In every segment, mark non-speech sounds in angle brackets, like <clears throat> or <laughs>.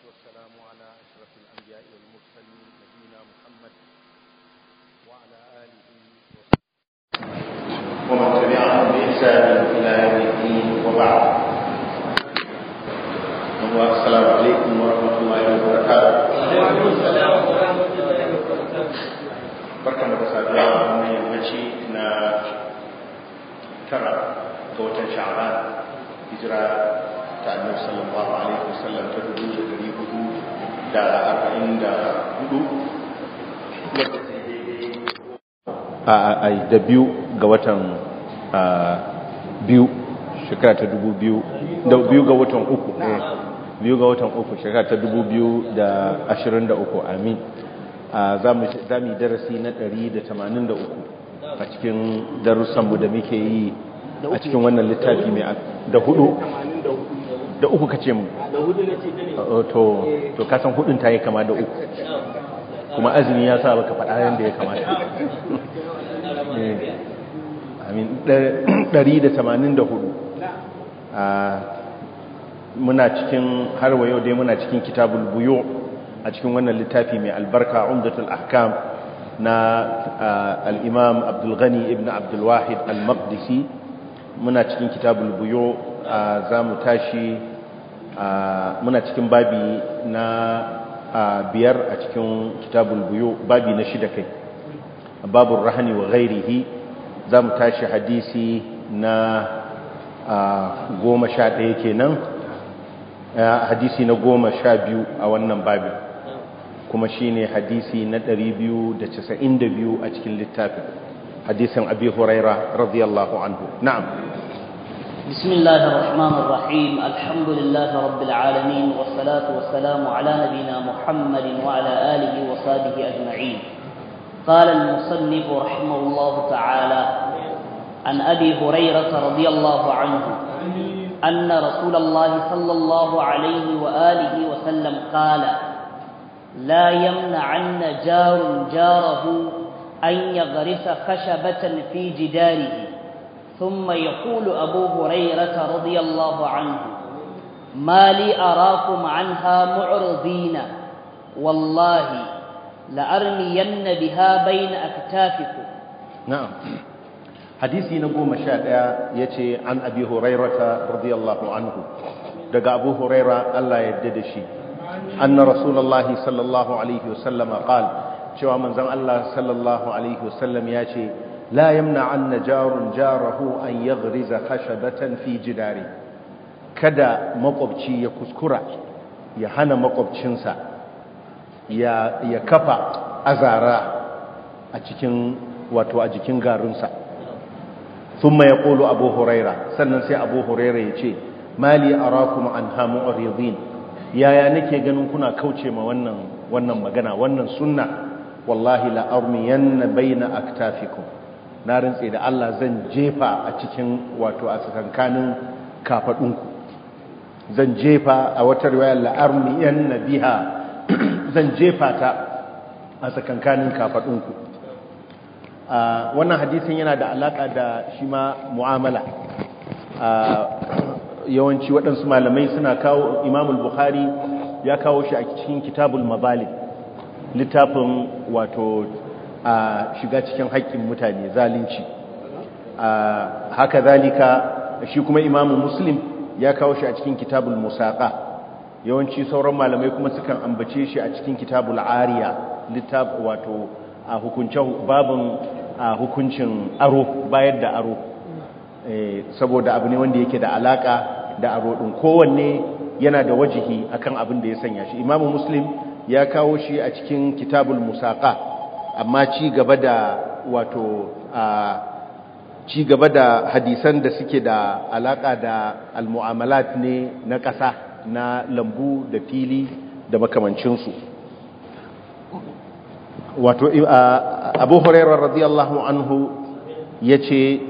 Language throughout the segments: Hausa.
والصلاة والسلام على أشرف الأنبياء والمرسلين نبينا محمد وعلى آله وصحبه ومن تبعهم بإحسان إلى يوم الدين وبعد السلام عليكم ورحمة الله وبركاته وعليكم السلام ورحمة الله وبركاته barkan da saduwa a wannan yammaci na tara ga watan sha'ban hijira ta annabi sallallahu alaihi wasallam ta dubu da dari hudu da arba'in da hudu a da biyu ga watan biyu shekara ta dubu biyu da biyu ga watan uku eh, biyu ga watan uku shekara ta dubu biyu da ashirin da uku amin za mu yi darasi na ɗari da tamanin da uku a cikin darussanmu da muke yi a cikin wannan littafi mai da hudu da uku ka ce mu oh, to to ka san hudun ta yi kama da uku kuma azumi ya sa baka faɗa yadda ya kamata eh, amin 184 ah, muna cikin harwa yau dai muna cikin kitabul buyo a cikin wannan littafi mai albarka umdatul ahkam na ah, al-imam abdul ghani ibn abdul al-maqdisi muna cikin kitabul buyo ah, za mu tashi muna cikin babi na biyar a cikin kitabul buyo babi na shida kai babu rahani wa ghairihi za mu tashi hadisi na goma sha ɗaya kenan hadisi na goma sha biyu a wannan babi kuma shine hadisi na ɗari biyu da casa'in da biyu a cikin littafi hadisin abi huraira radiyallahu anhu na'am بسم الله الرحمن الرحيم الحمد لله رب العالمين والصلاة والسلام على نبينا محمد وعلى آله وصحبه أجمعين قال المصنف رحمه الله تعالى عن أبي هريرة رضي الله عنه أن رسول الله صلى الله عليه وآله وسلم قال لا يمنعن جار جاره أن يغرس خشبة في جداره ثم يقول أبو هريرة رضي الله عنه ما لي أراكم عنها معرضين والله لأرمين بها بين أكتافكم نعم حديثي نقوم شاء يتي عن أبي هريرة رضي الله عنه دقى أبو هريرة الله يددشي أن رسول الله صلى الله عليه وسلم قال شوى من زم الله صلى الله عليه وسلم يتي la yamna anna jarun jarahu an yaghriza khashabatan fi dare kada makwabci ya kuskura ya hana makwabcinsa ya kafa azara a cikin wato a jikin garunsa thumma yaqulu abu huraira sannan sai abu huraira yace mali arakum anha mu'ridin yaya nake ganin kuna kauce ma wannan wannan magana wannan sunna wallahi la armiyanna baina aktafikum na rantse da Allah zan jefa a cikin wato a tsakankanin kafadunku zan jefa a wata riwayar la'armi yan nabiha <clears throat> zan jefa ta a tsakankanin kafadunku wannan hadisin yana da alaka da shi ma mu'amala yawanci waɗansu malamai suna kawo imamul bukhari ya kawo shi a cikin kitabul mabali littafin wato a shiga cikin haƙƙin mutane zalunci haka zalika shi kuma imamu muslim ya kawo shi a cikin kitabul musaƙa yawanci sauran malamai kuma sukan ambace shi a cikin kitabul ariya littafi wato a hukuncin babin a hukuncin aro bayar da aro eh, saboda abu ne wanda yake da alaka da aro ɗin kowanne yana da wajihi akan abin da ya sanya shi imamu muslim ya kawo shi a cikin kitabul musaƙa. amma ci gaba da wato ci gaba da hadisan da suke da alaka da almu'amalat ne na ƙasa na lambu da fili da makamancinsu wato abu hurairar radiyallahu anhu ya ce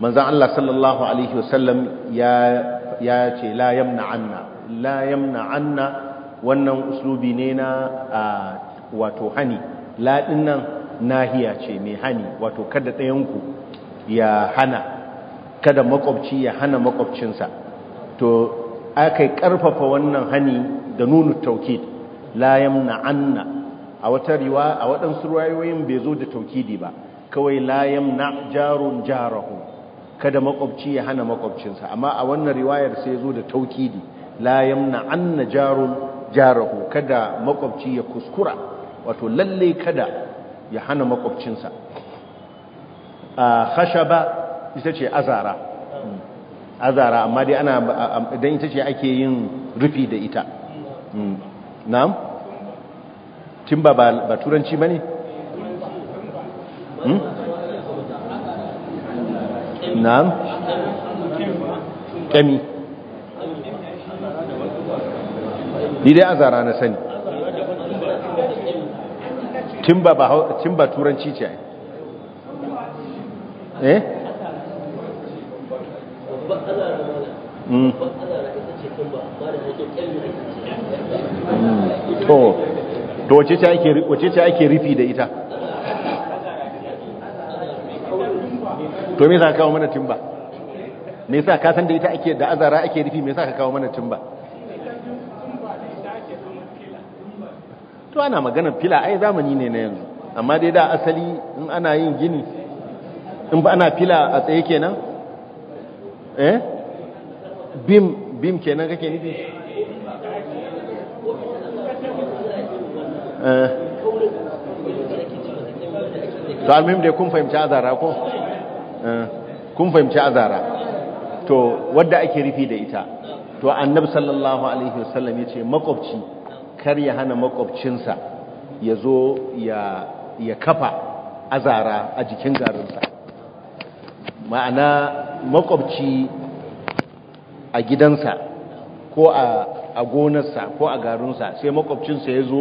manzan Allah sallallahu alaihi wasallam ya ce la yamna anna la yamna anna wannan uslubi ne na wato hani laɗin nan nahiya ce mai hani wato kada ɗayanku ya hana kada makwabci ya hana makwabcinsa to aka ƙarfafa wannan hani da nunu taukid layan na anna a wata riwa a waɗansu ruwayoyin bai zo da taukidi ba kawai layan na jarun jarahu kada makwabci ya hana makwabcinsa amma a wannan riwayar sai zo da taukidi layan na'anna anna jarun jarahu kada makwabci ya kuskura wato lalle kada ya hana makwabcinsa a khashaba ita ce azara azara amma dai ana idan ita ce ake yin rufi da ita hmm. na'am timba ba turanci ba ne? Hmm? na'am kami ni dai azara na sani timba ba timba turanci ce eh hmm. to to wace ce ake rufi da ita to me za ka kawo mana timba me sa ka san da ita ake da azara ake rufi me sa ka kawo mana timba ba ana maganar fila ai zamani ne na yanzu amma dai da asali in ana yin gini in ba ana fila a tsaye kenan eh bim bim kenan kake nufi eh to almim dai kun fahimci azara ko eh. kun fahimci azara to wadda ake rufi da ita to annabi sallallahu alaihi wasallam yace makwabci kar ya hana makwabcinsa ya zo ya kafa azara a jikin garinsa ma'ana makwabci a gidansa ko a gonarsa ko a garinsa sai makwabcinsa ya zo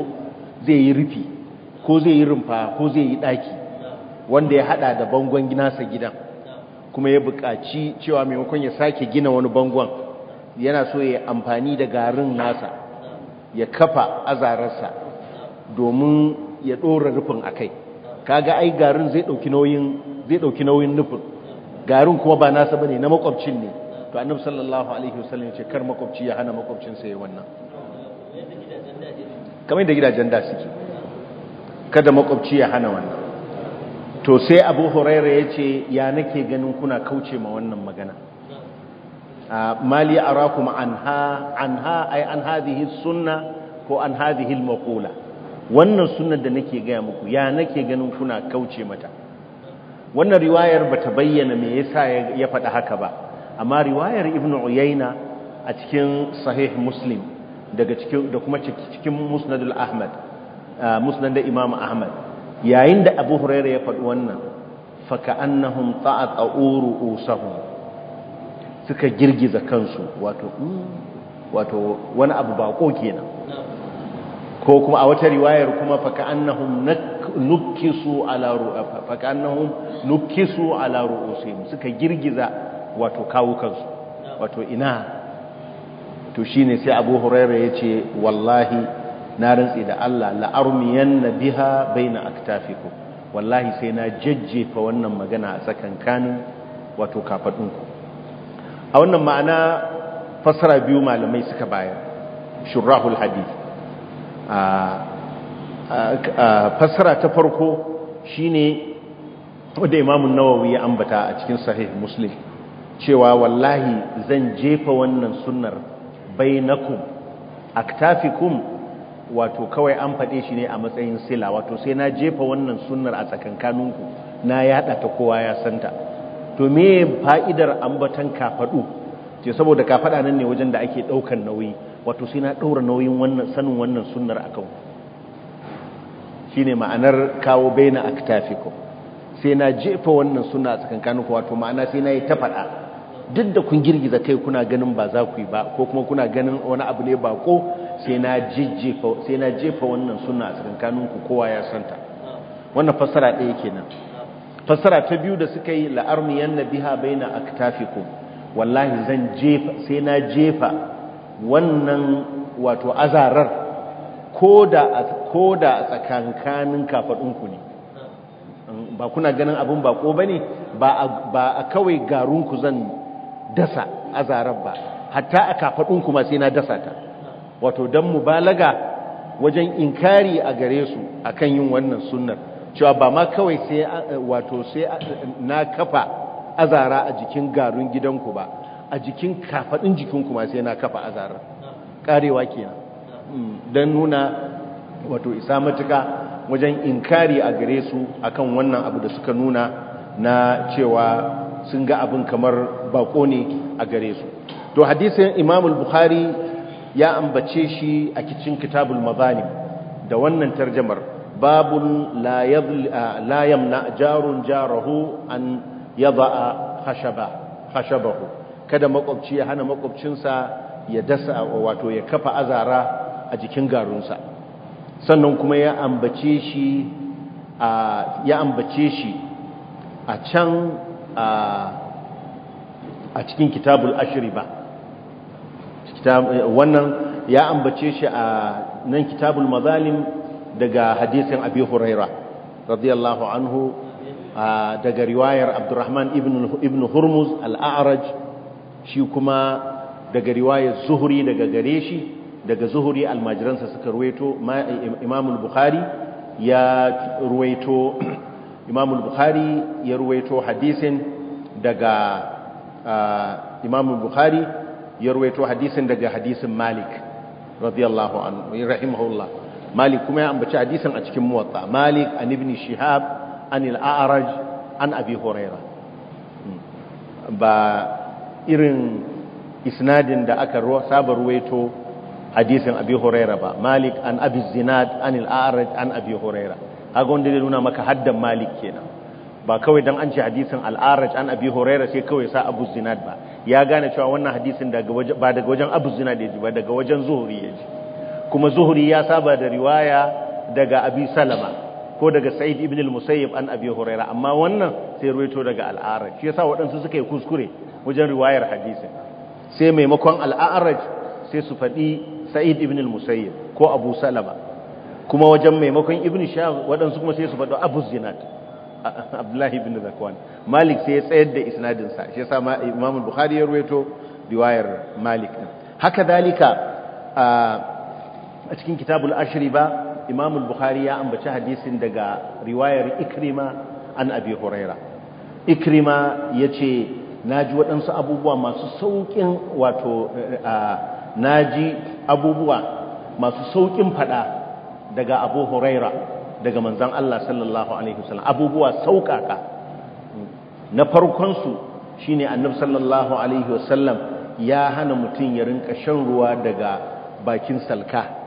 zai yi rufi ko zai yi rumfa ko zai yi ɗaki wanda ya hada da bangon nasa gidan kuma ya buƙaci cewa maimakon ya sake gina wani bangon yana so ya amfani da garin nasa ya kafa azararsa domin ya ɗora rufin a kai kaga ai garin zai ɗauki nauyin zai ɗauki nauyin nufin garin kuma ba nasa bane na makwabcin ne to annabi sallallahu alaihi wasallam ya ce kar makwabci ya hana makwabcinsa ya wannan kamar da gidajen da suke kada makwabci ya hana wannan to sai abu huraira ya ce ya nake ganin kuna kauce ma wannan magana mali arakum anha anha ay an hadhihi sunna ko an hadhihi almaqula wannan sunnar da nake gaya muku ya nake ganin kuna kauce mata wannan riwayar bata bayyana me yasa ya faɗi haka ba amma riwayar ibnu uyayna a cikin sahih muslim daga cikin da kuma cikin musnadul ahmad musnad da imam ahmad yayin da abu hurairah ya faɗi wannan fa ka'annahum ta'at uru usahum suka girgiza kansu wato hmm, wato wani abu bako kenan ko kuma a wata riwayar kuma annahum nukisu ala eh, annahum nukisu ala ru'usihim suka girgiza wato kawo kansu wato ina to shine sai Abu Hurairah yace wallahi na rantsi da Allah la'armiyanna biha baina aktafikum wallahi sai na jajjefa wannan magana a tsakankanin wato kafadunku a wannan ma'ana fasara biyu malamai suka bayan, shurrahul hadith fasara ta farko shine wadda imamun nawawi ya ambata a cikin sahih muslim cewa wallahi zan jefa wannan sunnar bainakum aktafikum wato kawai an faɗe shi ne a matsayin sila wato sai na jefa wannan sunnar a tsakankaninku na yada ta kowa ya santa to me fa'idar ambatan kafadu ce saboda kafada nan ne wajen da ake daukan nauyi wato sai na daura nauyin wannan sanin wannan sunnar akan shine ma'anar kawo baina aktafikum sai na jefa wannan sunna tsakankanin ku wato ma'ana sai na yi ta fada duk da kun girgiza kai kuna ganin ba za ku yi ba ko kuma kuna ganin wani abu ne ba ko sai na jefa sai na jefa wannan sunna tsakankanin ku kowa ya santa wannan fassara ɗaya kenan Fasara ta biyu da suka yi la'armiyan na biha baina aktafikum wallahi zan jefa sai na jefa wannan wato azarar ko da a tsakankanin ne ba kuna ganin abin ba ko ba ba a kawai garunku zan dasa azarar ba hatta a kafaɗunku ma sai na dasa ta wato dan balaga wajen inkari a gare su akan yin wannan sunnar cewa ba ma kawai sai eh, wato sai na kafa azara a jikin garun gidanku ba a jikin kafadin jikinku ma sai na kafa azara karewa kenan hmm, dan nuna wato isa matuka wajen inkari a gare su akan wannan abu da suka nuna na cewa sun ga abin kamar bako ne a gare su to hadisin Imam al-Bukhari ya ambace shi a kicin Kitabul mazani da wannan tarjamar لا يمنع جار جاره ان an yada'a خشبه kada makwabci ya hana makwabcinsa ya dasa wato ya kafa azara a jikin garunsa sannan kuma ya ambace shi a ya ambace shi a can a cikin kitabul ashriba wannan ya ambace shi a nan kitabul mazalim daga hadisin abi huraira radiyallahu anhu daga riwayar abdurrahman ibn hurmuz al'araj shi kuma daga riwayar zuhuri daga gare shi daga zuhuri almajiransa suka ruwaito imamul bukhari ya ruwaito <clears throat> imamul bukhari ya ruwaito hadisin daga imamul bukhari ya ruwaito hadisin daga hadisin malik radiyallahu anhu rahimahullah malik kuma ya ambaci hadisin a cikin muwatta malik an ibn shihab an al-a'raj an abi huraira hmm. ba irin isnadin da aka saba ruwaito hadisin abi huraira ba malik an abi zinad an al-a'raj an abi huraira kaga wanda zai nuna maka haddan malik kenan ba kawai dan an ce hadisin al-a'raj an abi huraira sai kawai sa abu zinad ba ya gane cewa wannan hadisin daga ba daga wajen abu zinad ya ji ba daga wajen zuhuri ya ji kuma zuhuri ya saba da riwaya daga abi salama ko daga sa'id ibn al-musayyib an abi huraira amma wannan sai ruwaito daga al-araj shi yasa waɗansu suka yi kuskure wajen riwayar hadisin sai maimakon al-araj sai su faɗi sa'id ibn al-musayyib ko abu salama kuma wajen maimakon ibn shah waɗansu kuma sai su faɗi abu zinat abdullahi ibn zakwan malik sai ya tsayar da isnadin sa shi yasa imam al-bukhari ya ruwaito riwayar malik haka dalika ah, a cikin kitabul ashri ba imam bukhari ya ambaci hadisin daga riwayar ikrima an abi huraira ikrima yace naji waɗansu abubuwa masu saukin wato naji abubuwa masu saukin fada daga abu huraira daga manzon Allah sallallahu alaihi wasallam abubuwa saukaka na farkon su shine annabi sallallahu alaihi wasallam ya hana mutum ya rinka shan ruwa daga bakin salka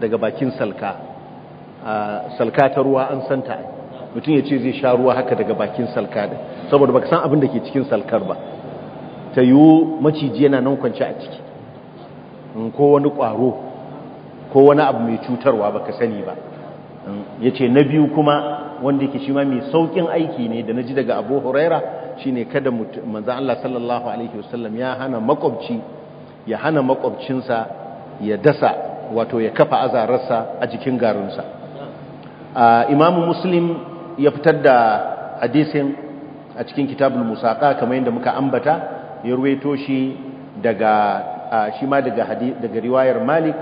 daga bakin salka salka ta ruwa an santa mutum ya ce zai sha ruwa haka daga bakin salka da saboda baka san abin da ke cikin salkar ba ta yiwu maciji yana nan kwanci a ciki ko wani ƙwaro ko wani abu mai cutarwa baka sani ba ya ce na biyu kuma wanda yake shi ma mai saukin aiki ne da na ji daga abu huraira shi ne kada manzan Allah sallallahu Alaihi wasallam ya hana makwabci ya hana makwabcinsa ya dasa wato ya kafa azararsa a jikin garinsa imamu muslim ya fitar da hadisin a cikin kitabul musaka kamar yadda muka ambata ya ruwaito shi daga shi ma daga riwayar malik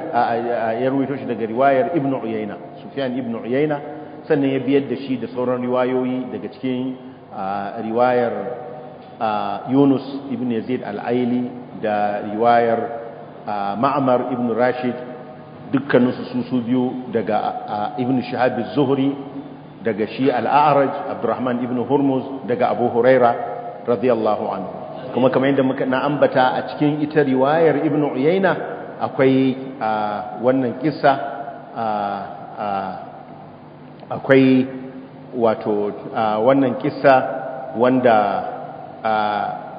ya ruwaito shi daga riwayar ibn uyayna sufyan ibn uyayna sannan ya biyar da shi da sauran riwayoyi daga cikin riwayar yunus ibn yazid al-aili da riwayar ma'amar ibn rashid dukkanin su su biyu daga ibn shahab zuhri daga shi al al-a'raj abdurrahman ibn hurmuz daga abu huraira radiyallahu anhu kuma kamar yadda muka na ambata a cikin ita riwayar ibn uyaina akwai wannan kissa akwai wato wannan kissa wanda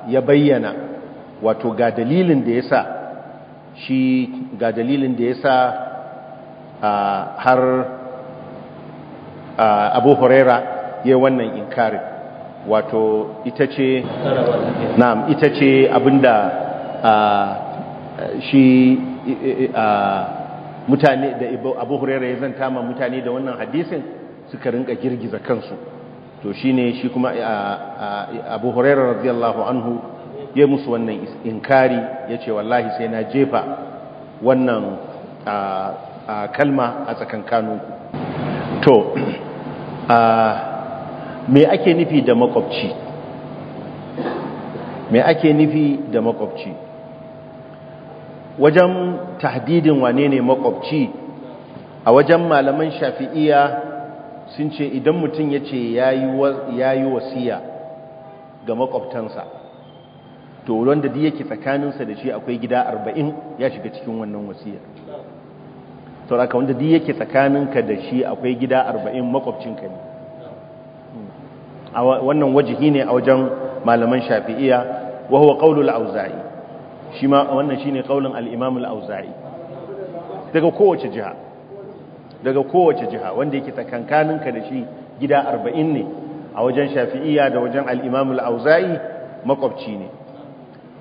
ya bayyana wato ga dalilin da yasa shi ga dalilin da ya sa har abu horera ya wannan kare, wato ita ce na'am ita ce abinda shi mutane da abu huraira ya zanta ma mutane da wannan hadisin suka rinka girgiza kansu to shi ne shi kuma abu huraira radiyallahu anhu ya musu wannan inkari ya ce wallahi sai na jefa wannan kalma a tsakankaninku to me ake nufi da makwabci me ake nufi da makwabci wajen tahdidin wane ne makwabci a wajen malaman shafi'iya sun ce idan mutum ya ce ya yi wasiya ga makwabtansa to wanda da yake tsakaninsa da shi akwai gida arba'in ya shiga cikin wannan wasiyar sauraka wanda da yake tsakaninka da shi akwai gida arba'in makwabcinka ne wannan wajihi ne a wajen malaman shafi'iya wa huwa qaulul auza'i shi ma wannan shine qaulin al-imam al-auza'i daga kowace jiha daga kowace jiha wanda yake tsakaninka da shi gida arba'in ne a wajen shafi'iya da wajen al-imam al-auza'i makwabci ne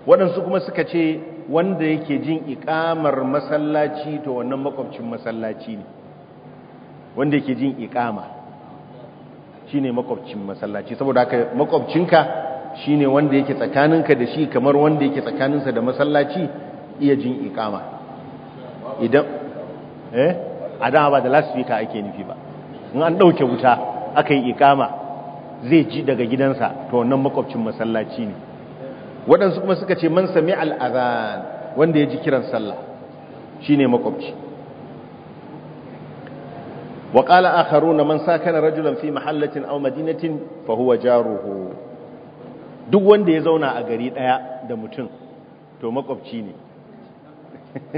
waɗansu kuma suka ce wanda yake jin ikamar masallaci to wannan makwabcin masallaci ne wanda yake jin ikama shi ne makwabcin masallaci saboda haka makwabcinka shi ne wanda yake tsakaninka da shi kamar wanda yake tsakaninsa da masallaci iya jin ikama idan eh a da ba da lasfika ake nufi ba in an ɗauke wuta aka yi ikama zai ji daga gidansa to wannan makwabcin masallaci ne waɗansu kuma suka ce man sami al'azan wanda ya ji kiran sallah shi ne makwabci wa ƙala haru na man sakana rajulan fi mahallatin au madinatin fahuwa jaruhu duk wanda ya zauna a gari ɗaya da mutum to makwabci ne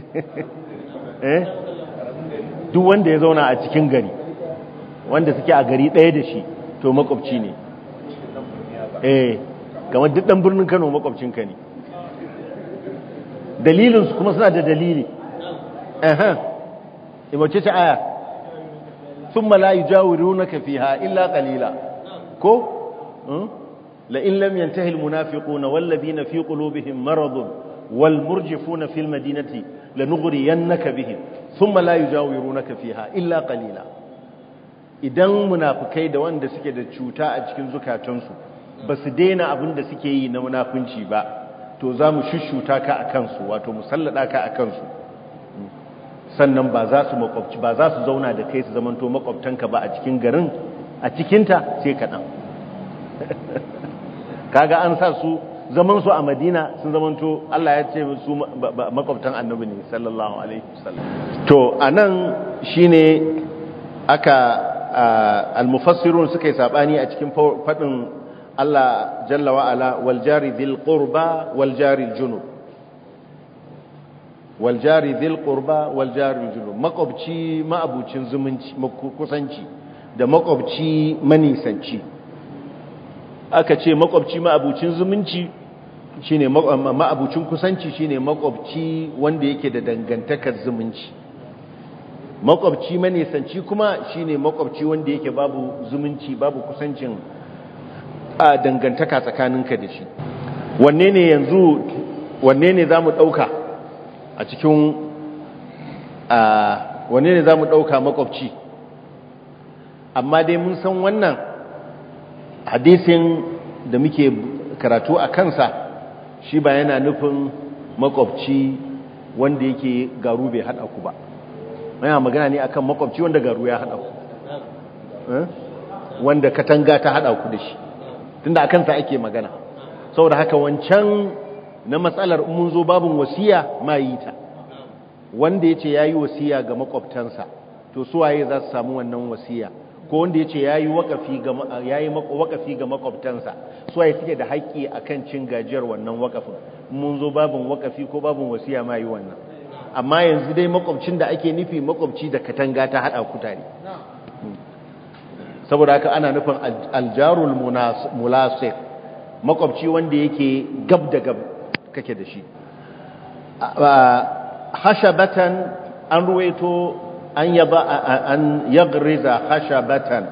<laughs> eh? duk wanda ya zauna a cikin gari wanda suke a gari ɗaya da shi to makwabci ne eh kamar duk dan birnin Kano makwabcin ka ne dalilin su kuma suna da dalili eh, aha imace ta aya thumma la yujawirunaka fiha illa qalila ko hmm? la in lam yantahi almunafiquna walladhina fi qulubihim maradun والمرجفون في المدينة لنغرينك بهم ثم لا يجاورونك fiha illa قليلا idan munafikai da wanda suke da cuta a cikin zukatansu ba su daina abin da suke yi na munafunci ba to za mu shushuta ka a kansu wato mu sallada ka a kansu sannan ba za su makwabci ba za su zauna da kai su zamanto makwabtanka ba a cikin garin a cikinta sai kaɗan <laughs> kaga an sa su zaman su a madina sun zamanto Allah ya ce su makwabtan annabi ne sallallahu alaihi wasallam to anan shine aka almufassirun suka yi sabani a cikin fadin Allah jalla wa ala wal jari dhil qurba wal jari junub wal jari dhil qurba wal jari junub makwabci ma'abucin zumunci kusanci da makwabci manisanci aka ce makwabci ma'abucin zumunci shine ma'abucin kusanci shine makwabci wanda yake da dangantakar zumunci makwabci manisanci kuma shine makwabci wanda yake babu zumunci babu kusancin dangantaka tsakaninka da shi wanne ne yanzu wanne ne za mu ɗauka a cikin wanne ne za mu ɗauka makwabci amma dai mun san wannan hadisin da muke karatu a kansa shi ba yana nufin makwabci wanda yake garu bai haɗa ku ba yana magana ne akan makwabci wanda garu ya haɗa ku eh? wanda katanga ta haɗa ku da shi tunda akan kansa ake magana saboda haka wancan na matsalar mun zo babin wasiya ma yi ta wanda yace yayi wasiya ga makwabtansa to su waye za su samu wannan wasiya ko wanda yace yayi wakafi ga wakafi ga makwabtansa su waye suke da a kan cin gajiyar wannan wakafin mun zo babin wakafi ko babin wasiya ma yi wannan amma yanzu dai makwabcin da ake nufi makwabci da katanga ta hada kutare. saboda haka ana nufin aljarul mulasir makwabci wanda yake gab da gab kake da shi hashabatan an ruwaito an yaba an yagriza hashabatan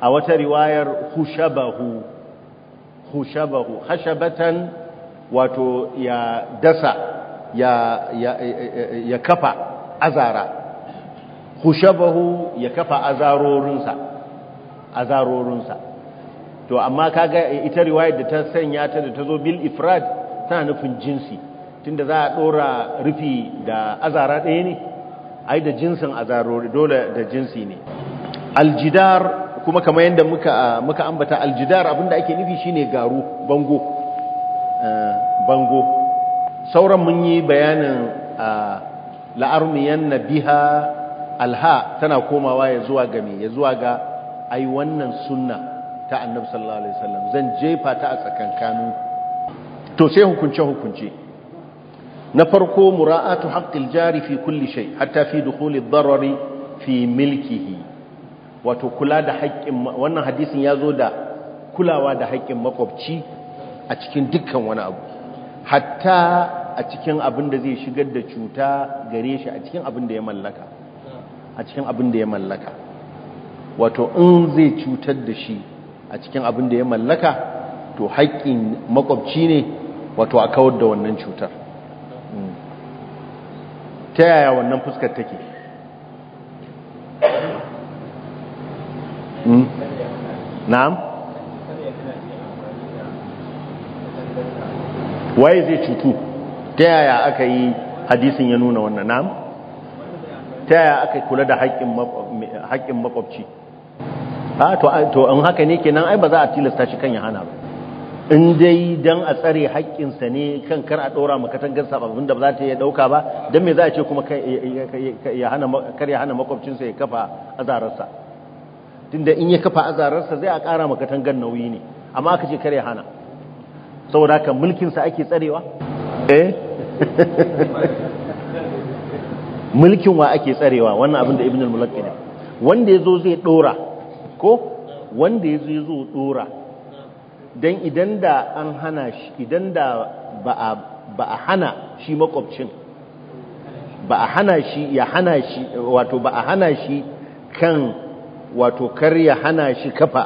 a wata riwayar hushabahu hushabahu hashabatan wato ya dasa ya ya kafa azara hushabahu ya kafa azarorinsa azarorinsa to amma kaga ita riwayar da ta sanya ta da ta zo bil ifrad tana nufin jinsi tunda za a dora rufi da azara ɗaya ne ai da jinsin azarori dole da jinsi ne aljidar kuma kamar yadda muka muka ambata aljidar abinda ake nufi shine garu bango eh, bango sauran mun yi bayanin eh, la'armiyan nabiha alha tana komawa ya zuwa ga me ya zuwa ga ai wannan sunna ta annabi sallallahu alaihi wasallam zan jefa ta a tsakankanin to sai hukunce hukunce na farko mura'atu haqqil jari fi kulli shay hatta fi dukhuli darari fi milkihi wato kula da haƙƙin wannan hadisin ya zo da kulawa da haƙƙin makwabci a cikin dukkan wani abu hatta a cikin abin da zai shigar da cuta gare shi a cikin abin da ya mallaka a cikin abin da ya mallaka wato in zai cutar da shi a cikin abin da ya mallaka to haƙƙin makwabci ne wato a kawar da wannan cutar mm. ta yaya wannan fuskar take mm. na'am waye zai cutu ta yaya aka yi hadisin ya nuna wannan na'am ta yaya aka kula da haƙƙin makwabci a to in haka ne kenan ai ba za a tilasta shi kan ya hana ba in dai dan a tsare haƙƙinsa ne kan kar a ɗora makatangar ba abinda ba za ta iya ɗauka ba don me za a ce kuma kar ya hana makwabcinsa ya kafa azararsa tunda in ya kafa azararsa zai a ƙara tangar nauyi ne amma aka ce kar ya hana saboda haka mulkinsa ake tsarewa eh <laughs> mulkin wa ake tsarewa wannan abin da ibn al-mulakkin wanda yazo zai ɗora ko wanda ya zo dora don idan da an hana shi idan da ba a hana shi makwabcin ba a hana shi ya hana shi wato ba a hana shi kan wato kar ya hana shi kafa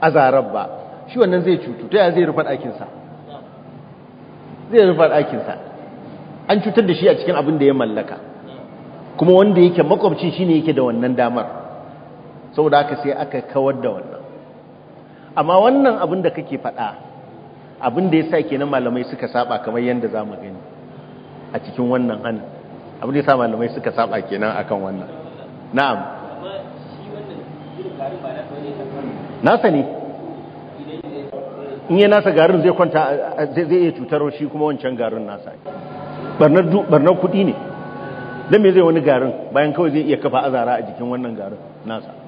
azarar ba shi wannan zai cutu ta ya zai rufa ɗakinsa zai rufa ɗakinsa an cutar da shi a cikin abin da ya mallaka kuma wanda yake makwabci shi ne yake da wannan damar saboda haka sai aka kawar da wannan amma wannan abin da kake faɗa abin da ya sa kenan malamai suka saba kamar yadda za mu gani a cikin wannan hannun abin da ya sa malamai suka saba kenan akan wannan na'am nasa ne in yi nasa garin zai kwanta zai iya cutar shi kuma wancan garin nasa barnar kudi ne don me zai wani garin bayan kawai zai iya kafa azara a jikin wannan garin nasa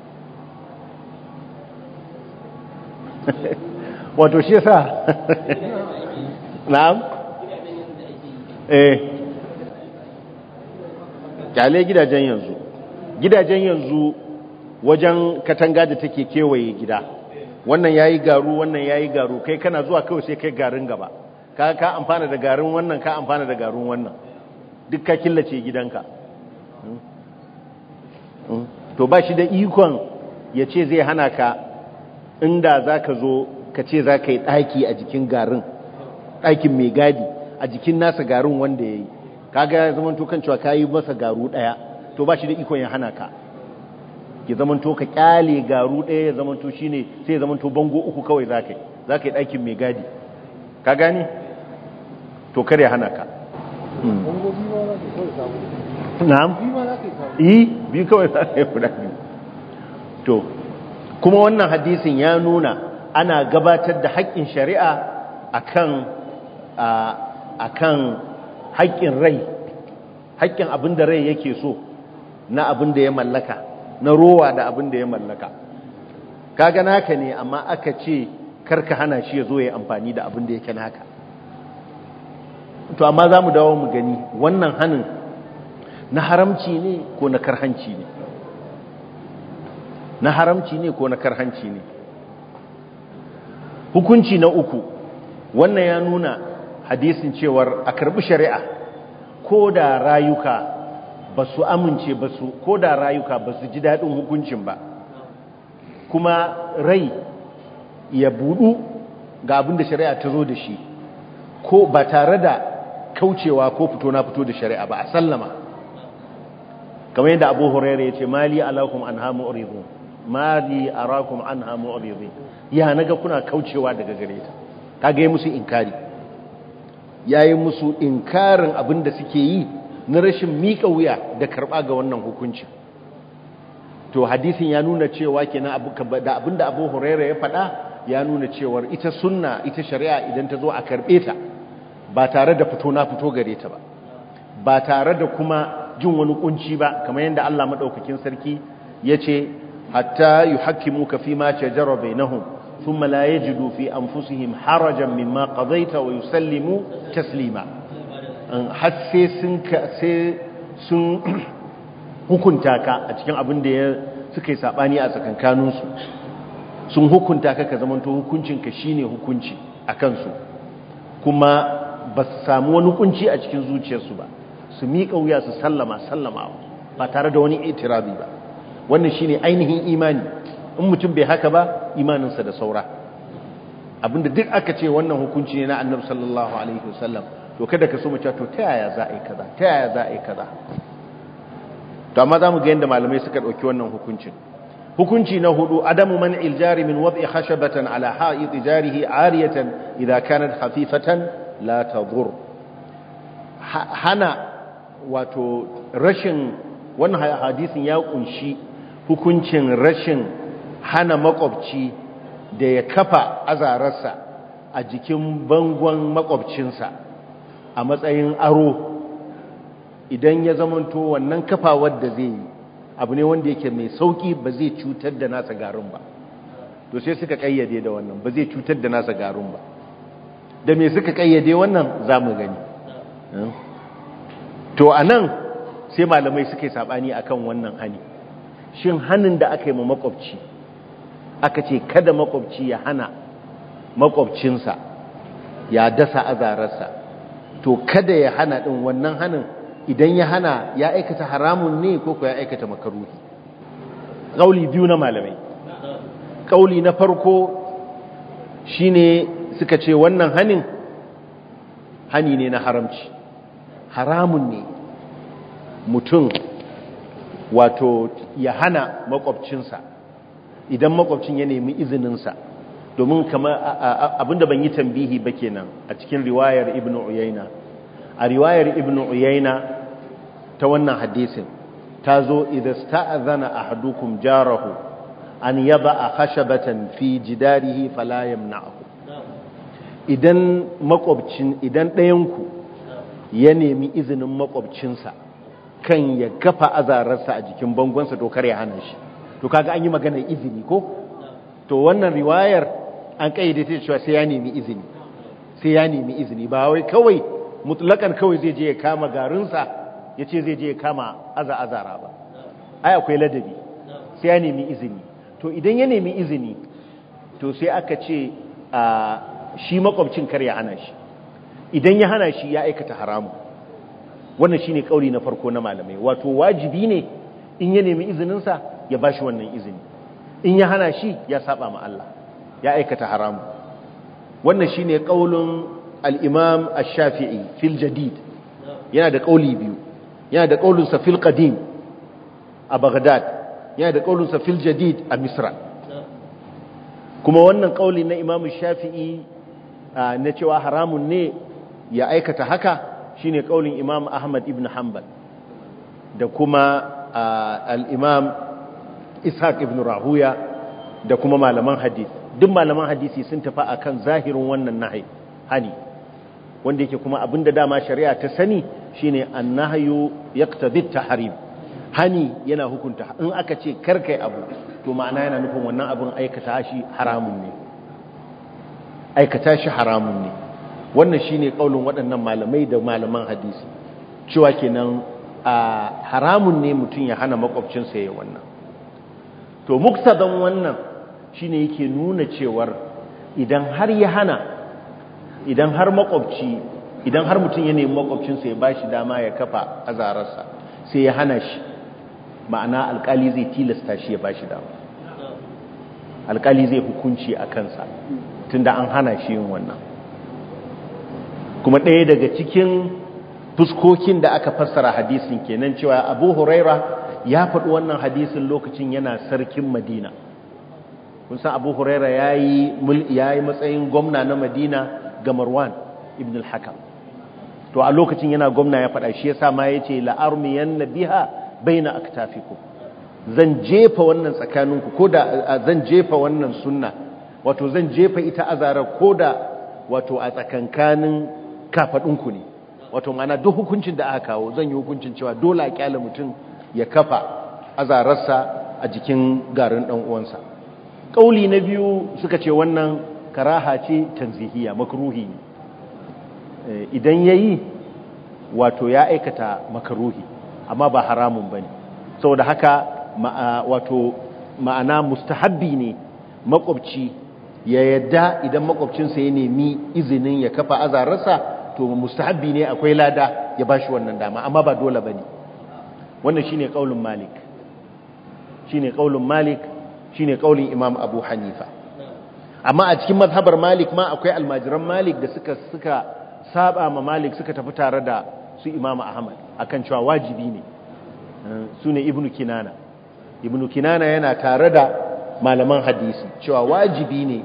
<laughs> wato shi sa? na'am eh kyale gidajen yanzu gidajen yanzu wajen katanga da take kewaye gida wannan yayi garu wannan yayi garu kai kana zuwa kawai sai kai garin gaba ka ka amfana da garin wannan ka amfana da garin wannan duk ka killace gidanka hmm? Hmm? to ba shi da ikon ya ce zai hana ka inda za ka zo ka ce za ka yi ɗaki a jikin garin ɗakin mai gadi a jikin nasa garin wanda ya yi kaga ya zama to kan cewa ka yi masa garu ɗaya to ba shi da ikon ya hana ka ya zama to ka ƙyale garu ɗaya ya zama to shi ne sai ya zama to bango uku kawai za ka yi za ka yi ɗakin mai gadi ka gani to kar ya hana ka hmm. na'am yi biyu kawai za ka yi to kuma wannan hadisin ya nuna ana gabatar da haƙƙin shari'a akan akan haƙƙin rai haƙƙin abin da rai yake so na abin da ya mallaka na rowa da abin da ya mallaka kaga naka ne amma aka ce karka hana shi ya zo ya amfani da abin da yake naka to amma za mu dawo mu gani wannan hanin na haramci ne ko na karhanci ne na haramci ne ko na karhanci ne hukunci na uku wannan ya nuna hadisin cewar a karbi shari'a ko da rayuka ba su amince ba su ko da rayuka ba su ji daɗin hukuncin ba kuma rai ya buɗu ga abin da shari'a ta zo da shi ko ba tare da kaucewa ko fito na fito da shari'a ba a sallama kamar yadda abu hurairu ya ce mali alakum an hamu ma li arakum anha mu'ridin ya naga kuna kaucewa daga gare ta kage musu inkari yayi musu inkarin abinda suke yi na rashin mika wuya da karba ga wannan hukunci, to hadisin ya nuna cewa kenan abu da abinda Abu horaira ya faɗa ya nuna cewa ita sunna ita shari'a idan ta zo a karɓe ta ba tare da fito na fito gare ta ba ba tare da kuma jin wani kunci ba kamar yadda Allah madaukakin sarki ya ce. hatta يحكموك فيما shajara بينهم ثم لا يجدوا fi أنفسهم harajan مما قضيت ويسلموا تسليما taslima har sai sun <clears throat> ka a cikin abin da ya suka yi sabani a tsakankaninsu su sun hukunta ka ka zamanto hukuncin ka shine hukunci a kansu kuma ba su samu wani hukunci a cikin zuciyarsu ba su miƙa wuya su sallama sallama ba tare da wani itirabi ba wannan shine ainihin imani in mutum bai haka ba imaninsa da saura abinda duk aka ce wannan hukunci ne na annabi sallallahu alaihi wasallam to kada ka so mu cewa to ta yaya za a yi kaza ta yaya za a yi kaza to amma za mu ga yadda malamai suka ɗauki wannan hukuncin hukunci na hudu adamu man iljari min wad'i khashabatan ala ha'id jarihi ariyatan idha kanat khafifatan la tadur hana wato rashin wannan hadisin ya kunshi hukuncin rashin hana makwabci da ya kafa azararsa a jikin bangon makwabcinsa a matsayin aro idan ya zamanto wannan kafawar da zai yi abu ne wanda yake mai sauki ba zai cutar da nasa garin ba to sai suka kayyade da wannan ba zai cutar da nasa garin ba da me suka kayyade wannan za mu gani eh? to anan sai malamai suke sabani akan wannan hannu. shin hannun da aka yi ma makwabci aka ce kada makwabci ya hana makwabcinsa ya dasa azararsa to kada ya hana ɗin wannan hannun idan ya hana ya aikata haramun ne ko ya aikata makaruhi ƙauli biyu na malamai ƙauli na farko shine suka ce wannan hannun, hani ne na haramci haramun ne mutum wato ya hana makwabcinsa idan makwabcin ya nemi izininsa domin kamar abinda ban yi tambihi ba kenan a cikin riwayar ibn uyaina a riwayar ibn uyaina ta wannan hadisin ta zo idan sta'azana hadukun jarahu an yaba a batan fi jidarihi na yamna'hu idan makwabcin idan ɗayanku ya nemi izinin makwabcinsa kan ya kafa azararsa a jikin bangonsa to kar ya hana shi to kaga an yi maganar izini ko to wannan riwayar an kayyade ta cewa sai ya nemi izini sai ya nemi izini ba wai kawai mutlakan kawai zai je ya kama garinsa ya ce zai je ya kama aza azara ba ai akwai ladabi sai ya nemi izini to idan ya nemi izini to sai aka ce shi makwabcin kar ya hana shi idan ya hana shi ya aikata haramun wannan shine kauli na farko na malamai wato wajibi ne in ya nemi izinin sa ya bashi wannan izini in ya hana shi ya saba ma Allah ya aikata haramu wannan shine kaulin al-Imam Ash-Shafi'i fil jadid yana da kauli biyu yana da kaulin sa fil qadim a Baghdad yana da kaulin sa fil jadid a Misra kuma wannan kauli na Imam Shafi'i na cewa haramun ne ya aikata haka shine kaulin imam ahmad ibn hanbal da kuma al’imam ishaq ibn rahuya da kuma malaman hadith duk malaman hadisi sun tafi akan zahirin wannan nahi hani wanda yake kuma abin da dama shari'a ta sani shine annahyu yaqtadi ta harib hani yana hukunta in aka ce karkai abu to ma'ana yana nufin wannan abin aikata shi haramun ne wannan shine kaulin waɗannan malamai da malaman hadisi cewa kenan haramun ne mutum ya hana makwabcinsa ya wannan to muktadan wannan shine yake nuna cewar idan har ya hana idan har makwabci idan har mutum ya nemi makwabcinsa ya ba shi dama ya kafa azararsa sai ya hana shi ma'ana alkali zai tilasta shi ya bashi dama alkali zai hukunci a kansa tunda an hana shi yin wannan kuma ɗaya daga cikin fuskokin da aka fassara hadisin kenan cewa abu huraira ya faɗi wannan hadisin lokacin yana sarkin madina kun san abu huraira ya yi matsayin gwamna na madina ga marwan ibn al-hakam to a lokacin yana gwamna ya faɗa shi ya sa ma ya ce la'armiyan aka baina aktafikum zan jefa wannan tsakaninku ko da zan jefa wannan sunna wato zan jefa ita azarar ko da wato a tsakankanin ku ne wato mana duk hukuncin da aka kawo zan yi hukuncin cewa dole a kyale mutum ya kafa azararsa a jikin garin ɗan uwansa ƙauli na biyu suka ce wannan karaha ce tanzihiya makruhi ne eh, idan yayi wato ya aikata makaruhi amma ba haramun ba ne saboda haka wato ma'ana mustahabbi ne makwabci ya yadda idan makwabcinsa ya nemi izinin ya kafa azararsa to mustahabbi ne akwai lada ya bashi wannan dama amma ba dole bane wannan shine kaulin malik shine kaulin malik shine kaulin imam abu hanifa amma a cikin mazhabar malik ma akwai almajiran malik da suka suka saba ma malik suka tafi tare da su imam ahmad akan cewa wajibi ne eh, sune ibnu kinana ibnu kinana yana tare da malaman hadisi cewa wajibi ne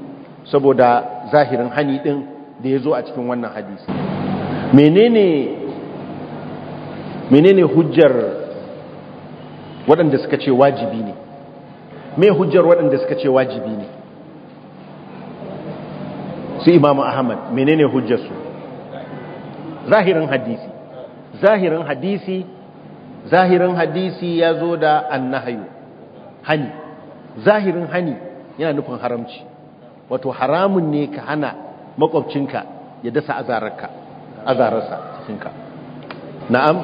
saboda zahirin hani din da ya zo a cikin wannan hadisi menene hujjar waɗanda suka ce wajibi ne mai hujjar waɗanda suka ce wajibi ne su imamu ahmad menene hujjarsu zahirin hadisi zahirin hadisi zahirin hadisi ya zo da annahayu hani zahirin hani yana nufin haramci wato haramun ne ka hana makwabcinka ya dasa azararka azararsa cikinka na'am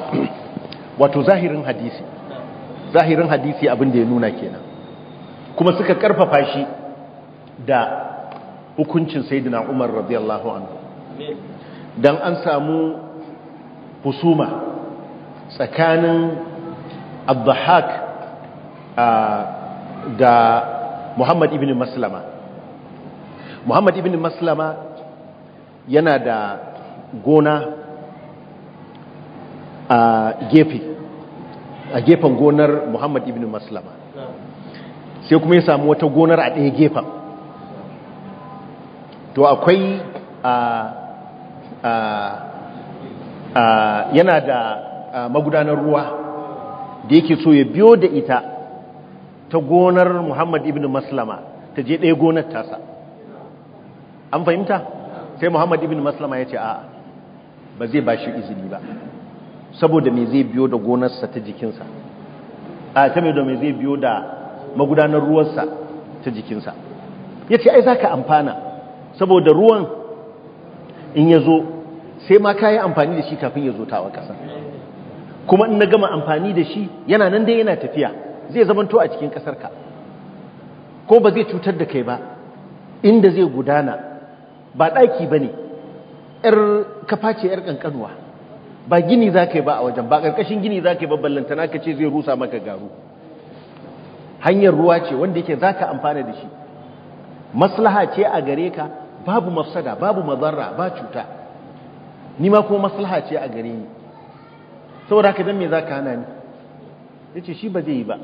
wato zahirin hadisi zahirin hadisi abin da ya nuna kenan kuma suka karfafa shi da hukuncin sayyidina Umar radiyallahu anhu dan an samu husuma tsakanin Abdahak da Muhammad ibn Maslama Muhammad ibn Maslama yana da gona a gefe a gefen gonar muhammad ibn maslama sai kuma ya samu wata gonar a ɗaya gefen to akwai yana da magudanar ruwa da yake so ya biyo da ita ta gonar muhammad ibn maslama ta je ɗaya gonar tasa an fahimta sai muhammad ibn maslama ya ce a ba zai ba shi izini ba saboda me zai biyo da gonarsa ta jikinsa a ta mai da me zai biyo da magudanar ruwansa ta jikinsa ya ce ai za ka amfana saboda ruwan in ya zo sai ma ka yi amfani da shi kafin ya zo tawa ƙasa kuma in na gama amfani da shi yana nan dai yana tafiya zai zamanto a cikin ƙasarka ko ba zai cutar da kai ba inda zai gudana ba ɗaki ba ne ‘yar kafa ce ‘yar ƙanƙanuwa ba gini za ka yi ba a wajen ba ƙarƙashin gini za ka yi ba ballantana ka ce zai rusa maka garu hanyar ruwa ce wanda yake za ka amfana da shi maslaha ce a gare ka babu mafsada babu mazarra ba cuta ni ma kuma maslaha ce a gare ni saboda ka dan me za ka hana ni yace shi ba zai yi ba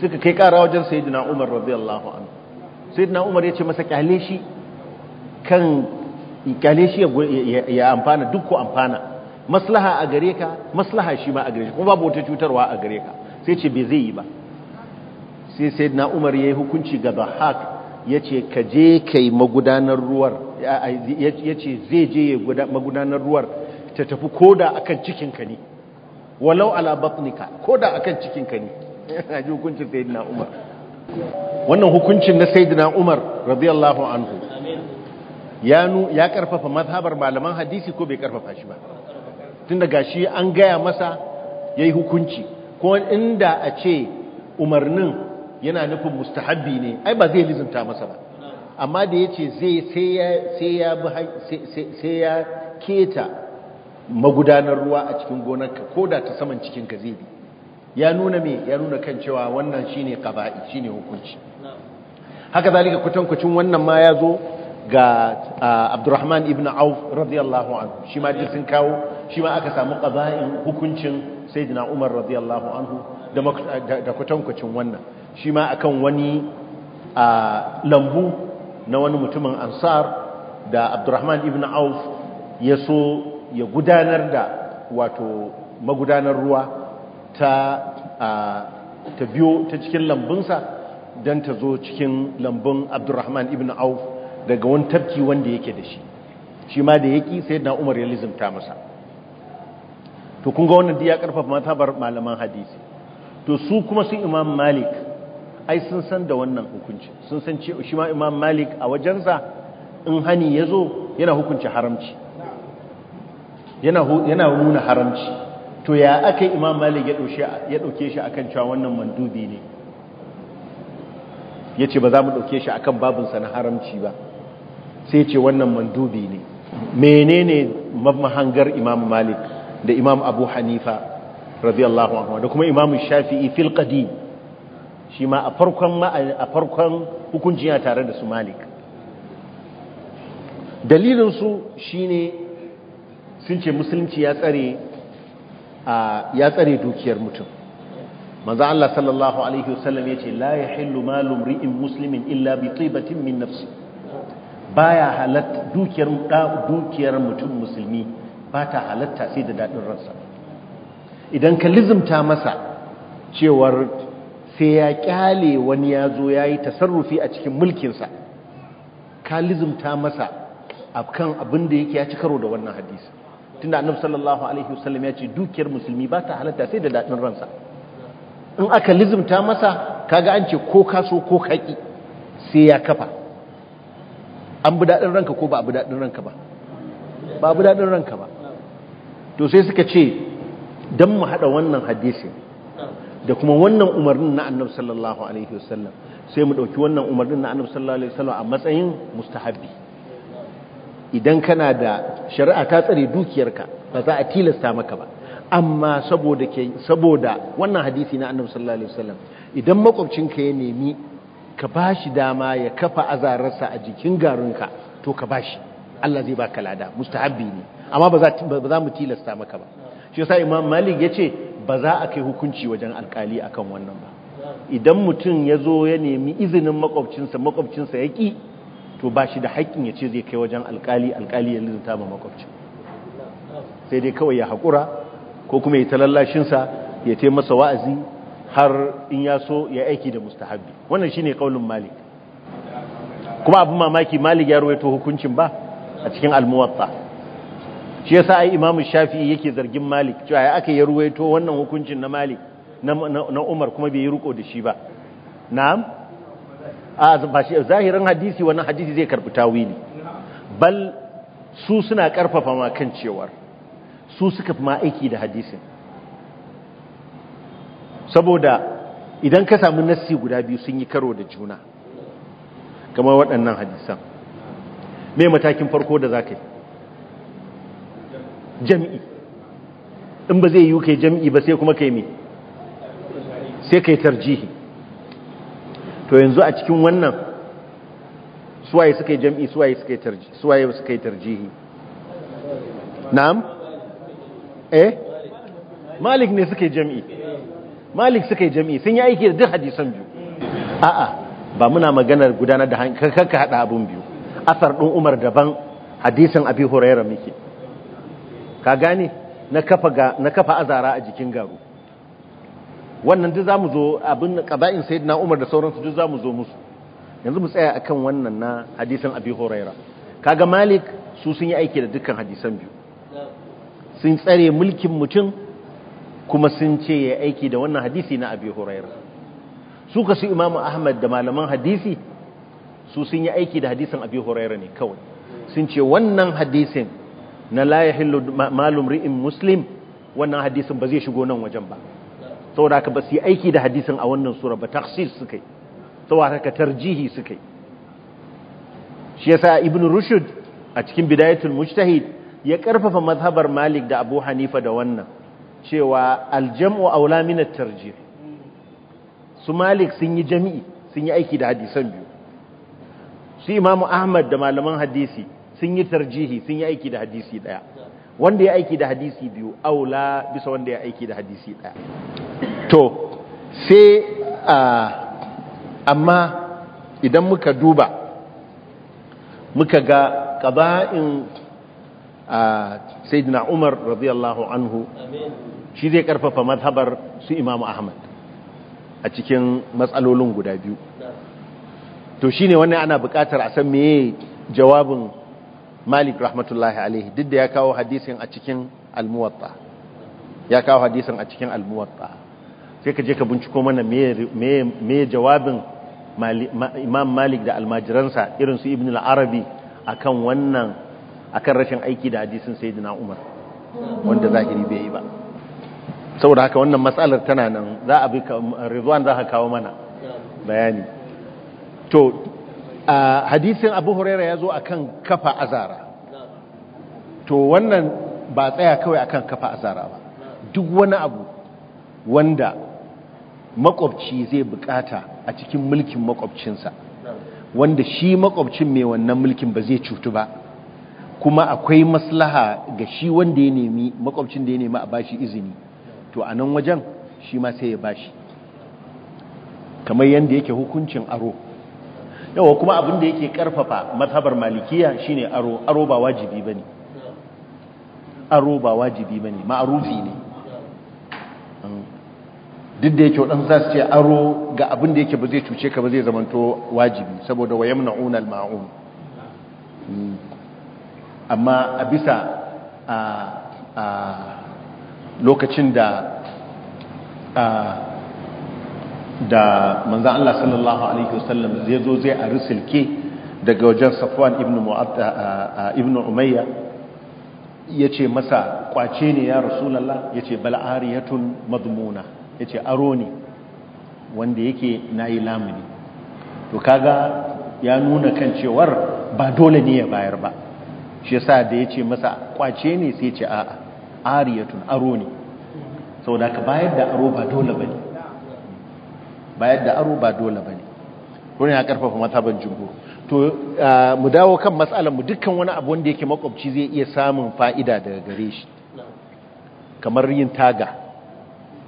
suka kai ƙara wajen sayidina Umar radiyallahu anhu sayidina Umar ce masa kyale shi kan ikale shi ya amfana duk amfana maslaha a gare ka maslaha shi ma a gare shi kuma babu wata cutarwa a gare ka sai ce bai zai yi ba sai sai na umar ya yi hukunci ga bahak ya ce ka je ka yi magudanar ruwar ya ce zai je ya magudanar ruwar ta tafi koda akan cikinka ne walau ala batnika koda akan cikinka ne yana <laughs> ji hukuncin sayyidina umar wannan hukuncin na sayyidina umar radiyallahu anhu ya karfafa mazhabar malaman hadisi ko bai karfafa shi ba tun daga shi an gaya masa ya yi hukunci ko inda a ce umarnin yana nufin mustahabbi ne ai ba zai lizinta masa ba amma da ya ce sai ya keta magudanar ruwa a cikin gonarka ko da ta saman cikinka zai bi ya nuna me ya nuna kan cewa wannan shine shi shine hukunci haka zalika kutankucin wannan ma ya zo ga abdurrahman ibn auf radiyallahu anhu shi ma sun kawo shi ma aka samu ƙaza'in hukuncin sayyidina umar radiyallahu anhu da kwatankwacin wannan shi ma akan wani lambu na wani mutumin ansar da abdurrahman ibn auf ya so ya gudanar da wato magudanar ruwa ta ta biyo ta cikin lambunsa don ta zo cikin lambun abdurrahman ibn auf daga wani tafki wanda yake da shi shi ma da yaki na Umar ya ta masa to kun ga wannan ya karfafa bar malaman hadisi to su kuma sun Imam Malik ai sun san da wannan hukunci sun san cewa shi ma Imam Malik a wajensa in hani yazo yana hukunci haramci yana nuna haramci to ya aka Imam Malik ya dauke shi a shi akan cewa wannan mandubi ne yace ba za mu dauke shi akan babinsa na haramci ba sai ce wannan mandubi ne menene mahangar imam malik da imam abu hanifa radiyallahu anhu da kuma imam shafi'i fil qadim shi ma a farkon a farkon hukunci tare da su malik dalilin su shine sun ce musulunci ya tsare ya tsare dukiyar mutum manzo Allah sallallahu alaihi wasallam yace la yahillu malu imri'in muslimin illa bi tibatin min nafsihi baya halatta dukiyar dukiyar mutum musulmi ba ta halatta sai da dadin ransa idan ka lizumta masa cewar sai ya kyale wani ya zo ya yi tasarrufi a cikin mulkinsa ka lizumta masa kan abin da yake ya ci karo da wannan hadisi tunda annabi sallallahu alaihi wasallam ya ce dukiyar musulmi ba ta halatta sai da dadin ransa in aka lizumta masa kaga an ce ko ka so ko kaki sai ya kafa an bi daɗin ranka ko ba a bi daɗin ranka ba ba a bi daɗin ranka ba to sai suka ce don mu haɗa wannan hadisi da kuma wannan umarnin na sallallahu alaihi wasallam sai mu ɗauki wannan umarnin na sallallahu alaihi wasallam a matsayin mustahabbi idan kana da shari'a ta tsare dukiyarka ba za a tilasta maka ba amma saboda wannan hadisi na sallallahu alaihi wasallam idan makwabcinka ya nemi ka ba shi dama ya kafa azararsa a jikin garinka to ka ba shi Allah zai baka lada mustahabbi ne amma ba za mu tilasta maka ba shi yasa imam malik ya ce ba za a kai hukunci wajen alkali akan wannan ba idan mutum ya zo ya nemi izinin makwabcinsa makwabcinsa ya ki to ba shi da haƙƙin ya ce zai kai wajen alkali alkali ya lizuta ba makwabcin sai dai kawai ya haƙura ko kuma ya talallashinsa ya taimasa wa'azi har in ya so ya aiki da mustahabbi wannan shine kaulin malik kuma abin mamaki malik ya ruwaito hukuncin ba a cikin almuwatta shi yasa ai imamu shafi'i yake zargin malik cewa ya aka ya ruwaito wannan hukuncin na malik na umar kuma bai yi ruko da shi ba na'am a ba shi zahirin hadisi wannan hadisi zai karbi tawili bal su suna karfafa ma kan cewar su suka fi ma aiki da hadisin saboda idan ka samu nassi guda biyu sun yi karo da juna kamar waɗannan hadisan me matakin farko da za ka yi jam'i in ba zai yi kai jam'i ba sai kuma yi me sai kai tarjihi to yanzu a cikin wannan suwaye suka yi jam'i suwaye suka yi tarjihi na'am eh malik ne suka yi jam'i malik suka yi jami'i sun yi aiki da duk hadisan biyu a'a ba muna maganar gudanar da hankalka ka haɗa abun biyu asar ɗin umar daban hadisan abi huraira muke ka gane na kafa azara a jikin garu wannan duk mu zo abin sai na umar da sauransu duk mu zo musu yanzu mu tsaya akan wannan na hadisan abi huraira kaga malik su sun yi aiki da dukkan hadisan biyu sun tsare mulkin mutum kuma sun ce ya aiki da wannan hadisi na abi huraira su kasu imamu ahmad da malaman hadisi su sun yi aiki da hadisin abi huraira ne kawai sun ce wannan hadisin na la malum ri'in muslim wannan hadisin ba zai shigo nan wajen ba saboda ka ba su yi aiki da hadisin a wannan sura ba su suka yi saboda ka tarjihi suka yi shi yasa ibn Rushud a cikin bidayatul mujtahid ya karfafa mazhabar malik da abu hanifa da wannan cewa aljam'u a wula at tarji su malik sun yi jami'i sun yi aiki da hadisan biyu su imamu ahmad da malaman hadisi sun yi tarjihi sun yi aiki da hadisi daya wanda ya aiki da hadisi biyu aula bisa wanda ya aiki da hadisi daya to sai amma idan muka duba muka ga ƙaba'in a sayyidina umar radiyallahu anhu shi zai karfafa mazhabar su imamu ahmad a cikin matsalolin guda biyu to shine wannan ana buƙatar a san meye jawabin malik rahmatullahi alaihi duk da ya kawo hadisin a cikin almuwatta ya kawo hadisin a cikin almuwatta sai ka je ka binciko mana meye jawabin imam malik da almajiransa irin su ibn al-arabi akan wannan akan rashin aiki da hadisin sayyidina Umar wanda zahiri bai yi ba saboda haka wannan matsalar tana nan za a bi Rizwan za ka kawo mana bayani to hadisin Abu Hurairah ya zo akan kafa azara to wannan ba tsaya kawai akan kafa azara ba duk wani abu wanda makwabci zai bukata a cikin mulkin makwabcinsa wanda shi makwabcin mai wannan mulkin ba zai cutu ba kuma akwai maslaha ga shi wanda ya nemi makwabcin da ya nemi a bashi izini to a nan wajen shi ma sai ya bashi kamar yadda yake hukuncin aro yawa kuma abin da yake karfafa matabar malikiya shine aro aro ba wajibi bane aro ba wajibi bane ma'rufi ne duk da yake wadansu su ce aro ga abin da yake ba zai cuce ka ba zai zamanto wajibi saboda wayamna'una al-ma'un hmm. amma a bisa a lokacin da da manzan Allah sallallahu alaihi wasallam zai zo zai a silke daga wajen safuwan ibn umayya ya ce masa kwace ne ya rasulallah ya ce bal'ariyatun madmuna ya ce aro ne wanda yake na yi lamuni to kaga ya nuna kan cewar ba dole ne ya bayar ba shi yasa da ce masa kwace ne sai ce a'a ariyatun aro ne sau da ka bayar da aro ba dole bane bayar da aro ba dole bane wani ya karfafa ban jumhur to mu dawo kan matsalar mu dukkan wani abu wanda yake makwabci zai iya samun fa'ida daga gare shi kamar yin taga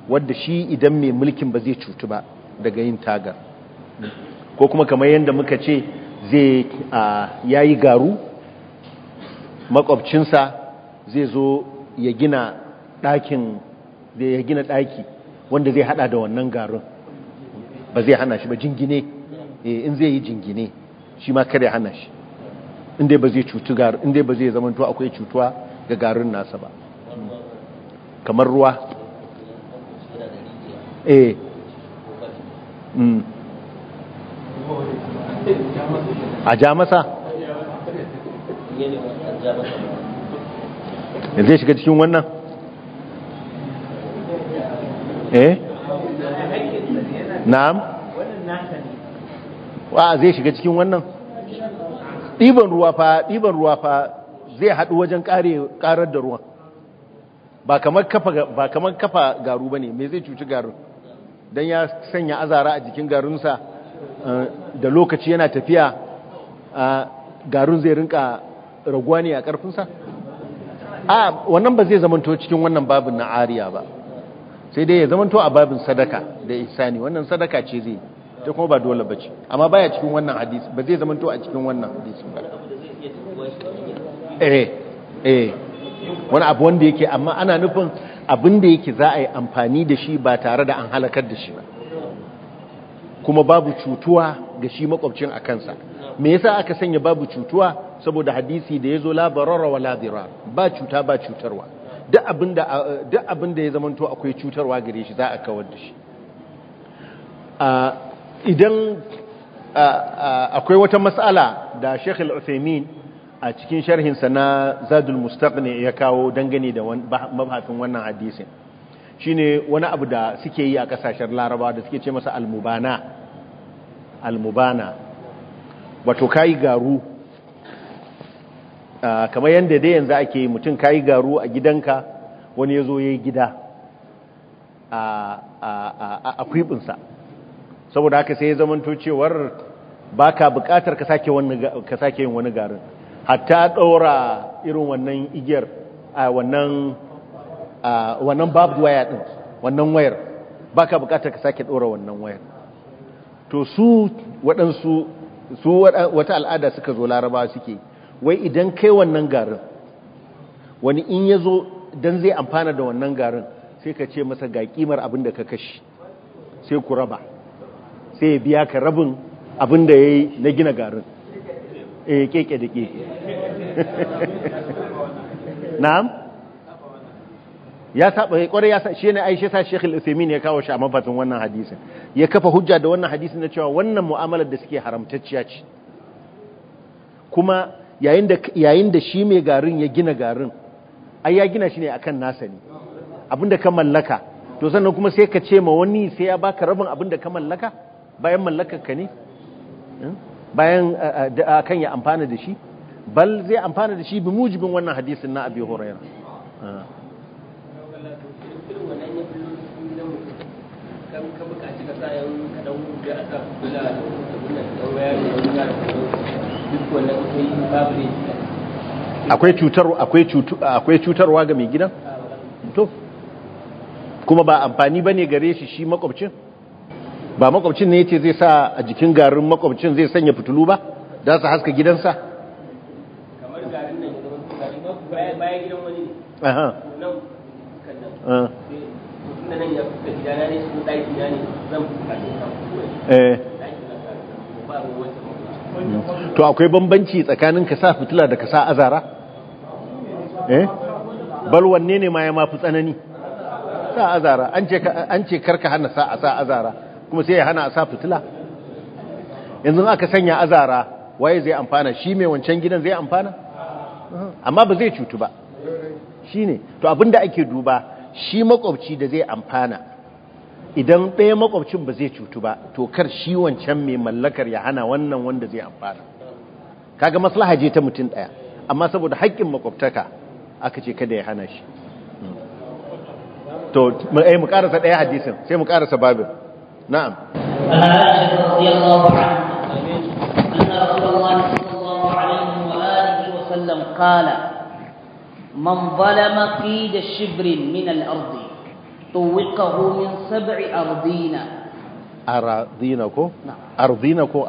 wadda shi idan mai mulkin ba zai cutu ba daga yin tagar ko kuma kamar yadda muka ce zai yayi garu makwabcinsa zai zo ya gina ɗakin ya gina ɗaki wanda zai hada da wannan garin ba zai hana shi ba jingine eh, in zai yi jingine shi ma kare hana shi inda ba zai cutu garin inda ba zai zamanto akwai cutuwa ga garin nasa ba kamar ruwa eh hmm. a ja masa ya zai shiga cikin wannan eh na'am wa zai shiga cikin wannan ɗiban ruwa fa ɗiban ruwa fa zai haɗu wajen ƙarar da ruwan ba kamar kafa garu ba ne mai zai cuci garu don ya sanya azara a jikin garunsa, eh, da lokaci yana tafiya eh, garun zai rinka raguwa ne a ƙarfinsa a wannan ba zai zamanto cikin wannan babin na ariya ba sai dai ya zamanto a babin sadaka da isani wannan sadaka ce zai ta kuma ba dole ba ce amma baya cikin wannan hadisi ba zai zamanto a cikin wannan hadisi ba eh eh wani abu wanda yake amma ana nufin abin da yake za a yi amfani da shi ba tare da an halakar da shi ba kuma babu cutuwa ga shi makwabcin a kansa me yasa aka sanya babu cutuwa saboda hadisi da ya zo labarar wa ladira ba cuta ba cutarwa duk abin da ya zamanto akwai cutarwa gare shi za a kawar da shi idan akwai wata matsala da sheikh al-uthaymin a cikin sharhinsa na zadul mustaqni ya kawo dangane da mabhasin wannan hadisin shine wani abu da suke yi a kasashen laraba da suke ce masa almubana almubana wato kai garu Ah, kamar yadda dai yanzu ake mutum ka yi garu a gidanka wani ya zo ya yi gida a ah, ah, kwibinsa saboda haka sai ya zamanto cewar ba ka bukatar ka sake yin wani garin hatta ɗaura irin wannan igiyar a wannan babu waya ɗin wannan wayar ba ka bukatar ka sake ɗaura wannan wayar to su waɗansu su wata al'ada suka zo laraba suke wai idan kai wannan garin wani in ya zo don zai amfana da wannan garin sai ka ce masa ga kimar abin da ka kashi sai ku raba sai ya biya ka rabin abin da ya yi na gina garin eh keke da keke <laughs> na'am ya saba kwarai eh, ya sa shi ne aisha sa Sheikh Al-Uthaymeen ya kawo shi a mafatin wannan hadisin ya kafa hujja da wannan hadisin na cewa wannan mu'amalar da suke haramtacciya ce kuma yayin da shi mai garin ya gina garin ai ya gina shi ne akan nasa ne abinda ka mallaka to sannan kuma sai ka ce ma wani sai ya baka rabin abinda ka mallaka bayan mallakar ka ne bayan akan ya amfana da shi bal zai amfana da shi bi mujibin wannan hadisin na abi huraira kan buƙaci ka sa da da wannan da akwai cutar akwai akwai cutarwa ga mai gidan to kuma ba amfani bane gare shi shi makwabcin ba makwabcin ne yace zai sa a jikin garin makwabcin zai sanya fitulu ba da su haska gidansa kamar garin nan garin baya gidan wani ne aha nan kan nan eh, ya fita gidana ne su ɗaki na ne zan fita ne eh. ba to akwai bambanci tsakanin ka sa fitila da ka sa azara eh bal wanne ne ma ya mafi tsanani sa azara an ce an ce karka hana sa a sa azara kuma sai ya hana a sa fitila yanzu aka sanya azara waye zai amfana shi mai wancan gidan zai amfana amma ba zai cutu ba shine to abinda ake duba shi makwabci da zai amfana idan ɗaya makwabcin ba zai cutu ba to kar shi wancan mai mallakar ya hana wannan wanda zai amfana kaga maslaha je ta mutum ɗaya amma saboda haƙƙin makwabtaka aka ce kada ya hana shi to ai eh, mu karasa ɗaya hadisin sai mu karasa babin na'am من ظلم قيد شبر من الأرض طوقه من سبع أرضين أراضين كو نعم أرضين كو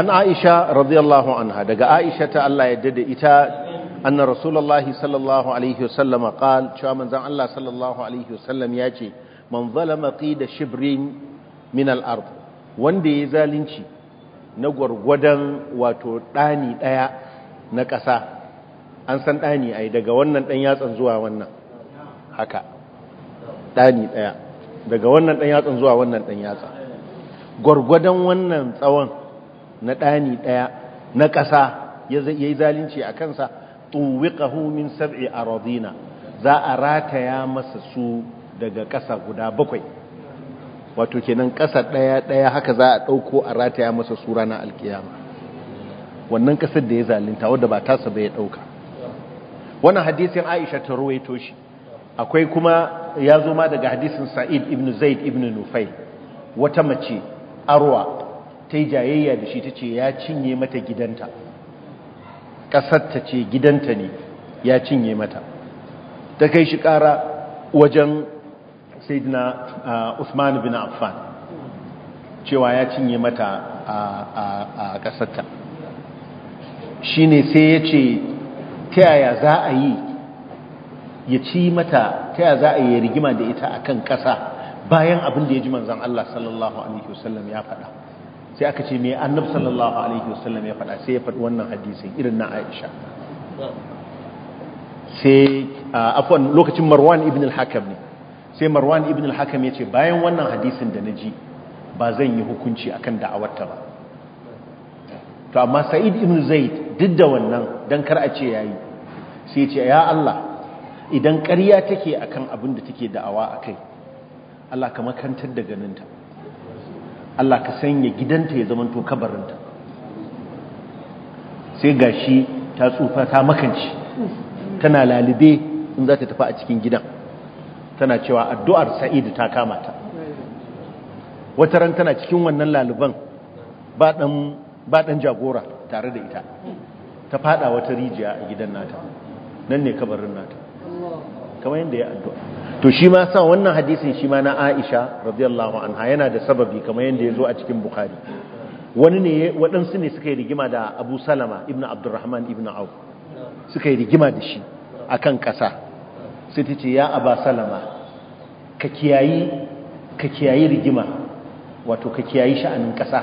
an aisha radiyallahu anha daga aisha ta Allah yadda da ita anna rasulullahi sallallahu alaihi wasallam qal cewa manzon Allah sallallahu alaihi wasallam ya ce man zalama qida shibrin min al wanda ya zalunci na gwargwadon wato ɗani ɗaya na ƙasa an san ɗani a daga wannan ɗan yatsan zuwa wannan haka ɗani ɗaya daga wannan ɗan yatsan zuwa wannan ɗan yatsa gwargwadon wannan tsawon na ɗani ɗaya na ƙasa ya yi zalunci a kansa tuwiƙahu min sab'i a za a rataya masa su daga ƙasa guda bakwai wato kenan ƙasa ɗaya ɗaya haka za a ɗauko a rataya masa sura na alkiyama wannan ƙasar da ya zalunta wadda ba ta ba ya ɗauka wannan hadisin aisha ta ruwaito shi akwai kuma ya zo ma daga hadisin sa'id ibn zaid ibn nufai wata mace arwa ta yi jayayya da shi ta ce ya cinye mata gidanta ƙasar ta ce gidanta ne ya cinye mata ta kai shi ƙara wajen saidina uh, usman bin Affan cewa ya cinye mata a ƙasarta shi ne sai ya ce ta za a yi ya ci mata ta yaya za a yi rigima da ita a kan ƙasa bayan abin da ya ji manzan Allah sallallahu Alaihi wasallam ya faɗa sai aka ce mai annab sallallahu Alaihi wasallam ya faɗa sai ya faɗi wannan hadisin irin na Aisha sai uh, lokacin Marwan ibn al-Hakam ne sai marwan ibn al-hakam ya ce bayan wannan hadisin da na ji ba zan yi hukunci akan da'awarta ba to amma sa'id ibn zaid duk da wannan dan kar a ce yayi sai ya ce ya Allah idan ƙarya take akan abin da take da'awa akai Allah ka makantar da ganinta Allah ka sanya gidanta ya zama to kabarinta sai gashi ta tsufa ta makanci tana lalibe in za ta tafi a cikin gidan tana cewa addu'ar sa'id ta kama ta wata ran tana cikin wannan laliban ba ɗan jagora tare da ita ta fada wata rijiya a gidan nata nan ne kabarin nata kamar yadda ya addu'a to shi ma sa wannan hadisin shi ma na Aisha radiyallahu anha yana da sababi kamar yadda ya zo a cikin Bukhari wani ne waɗansu ne suka yi rigima da Abu Salama ibn Abdurrahman ibn Auf suka yi rigima da shi akan ƙasa sai ta ce ya aba salama ka kiyayi rigima wato ka kiyayi sha'anin ƙasa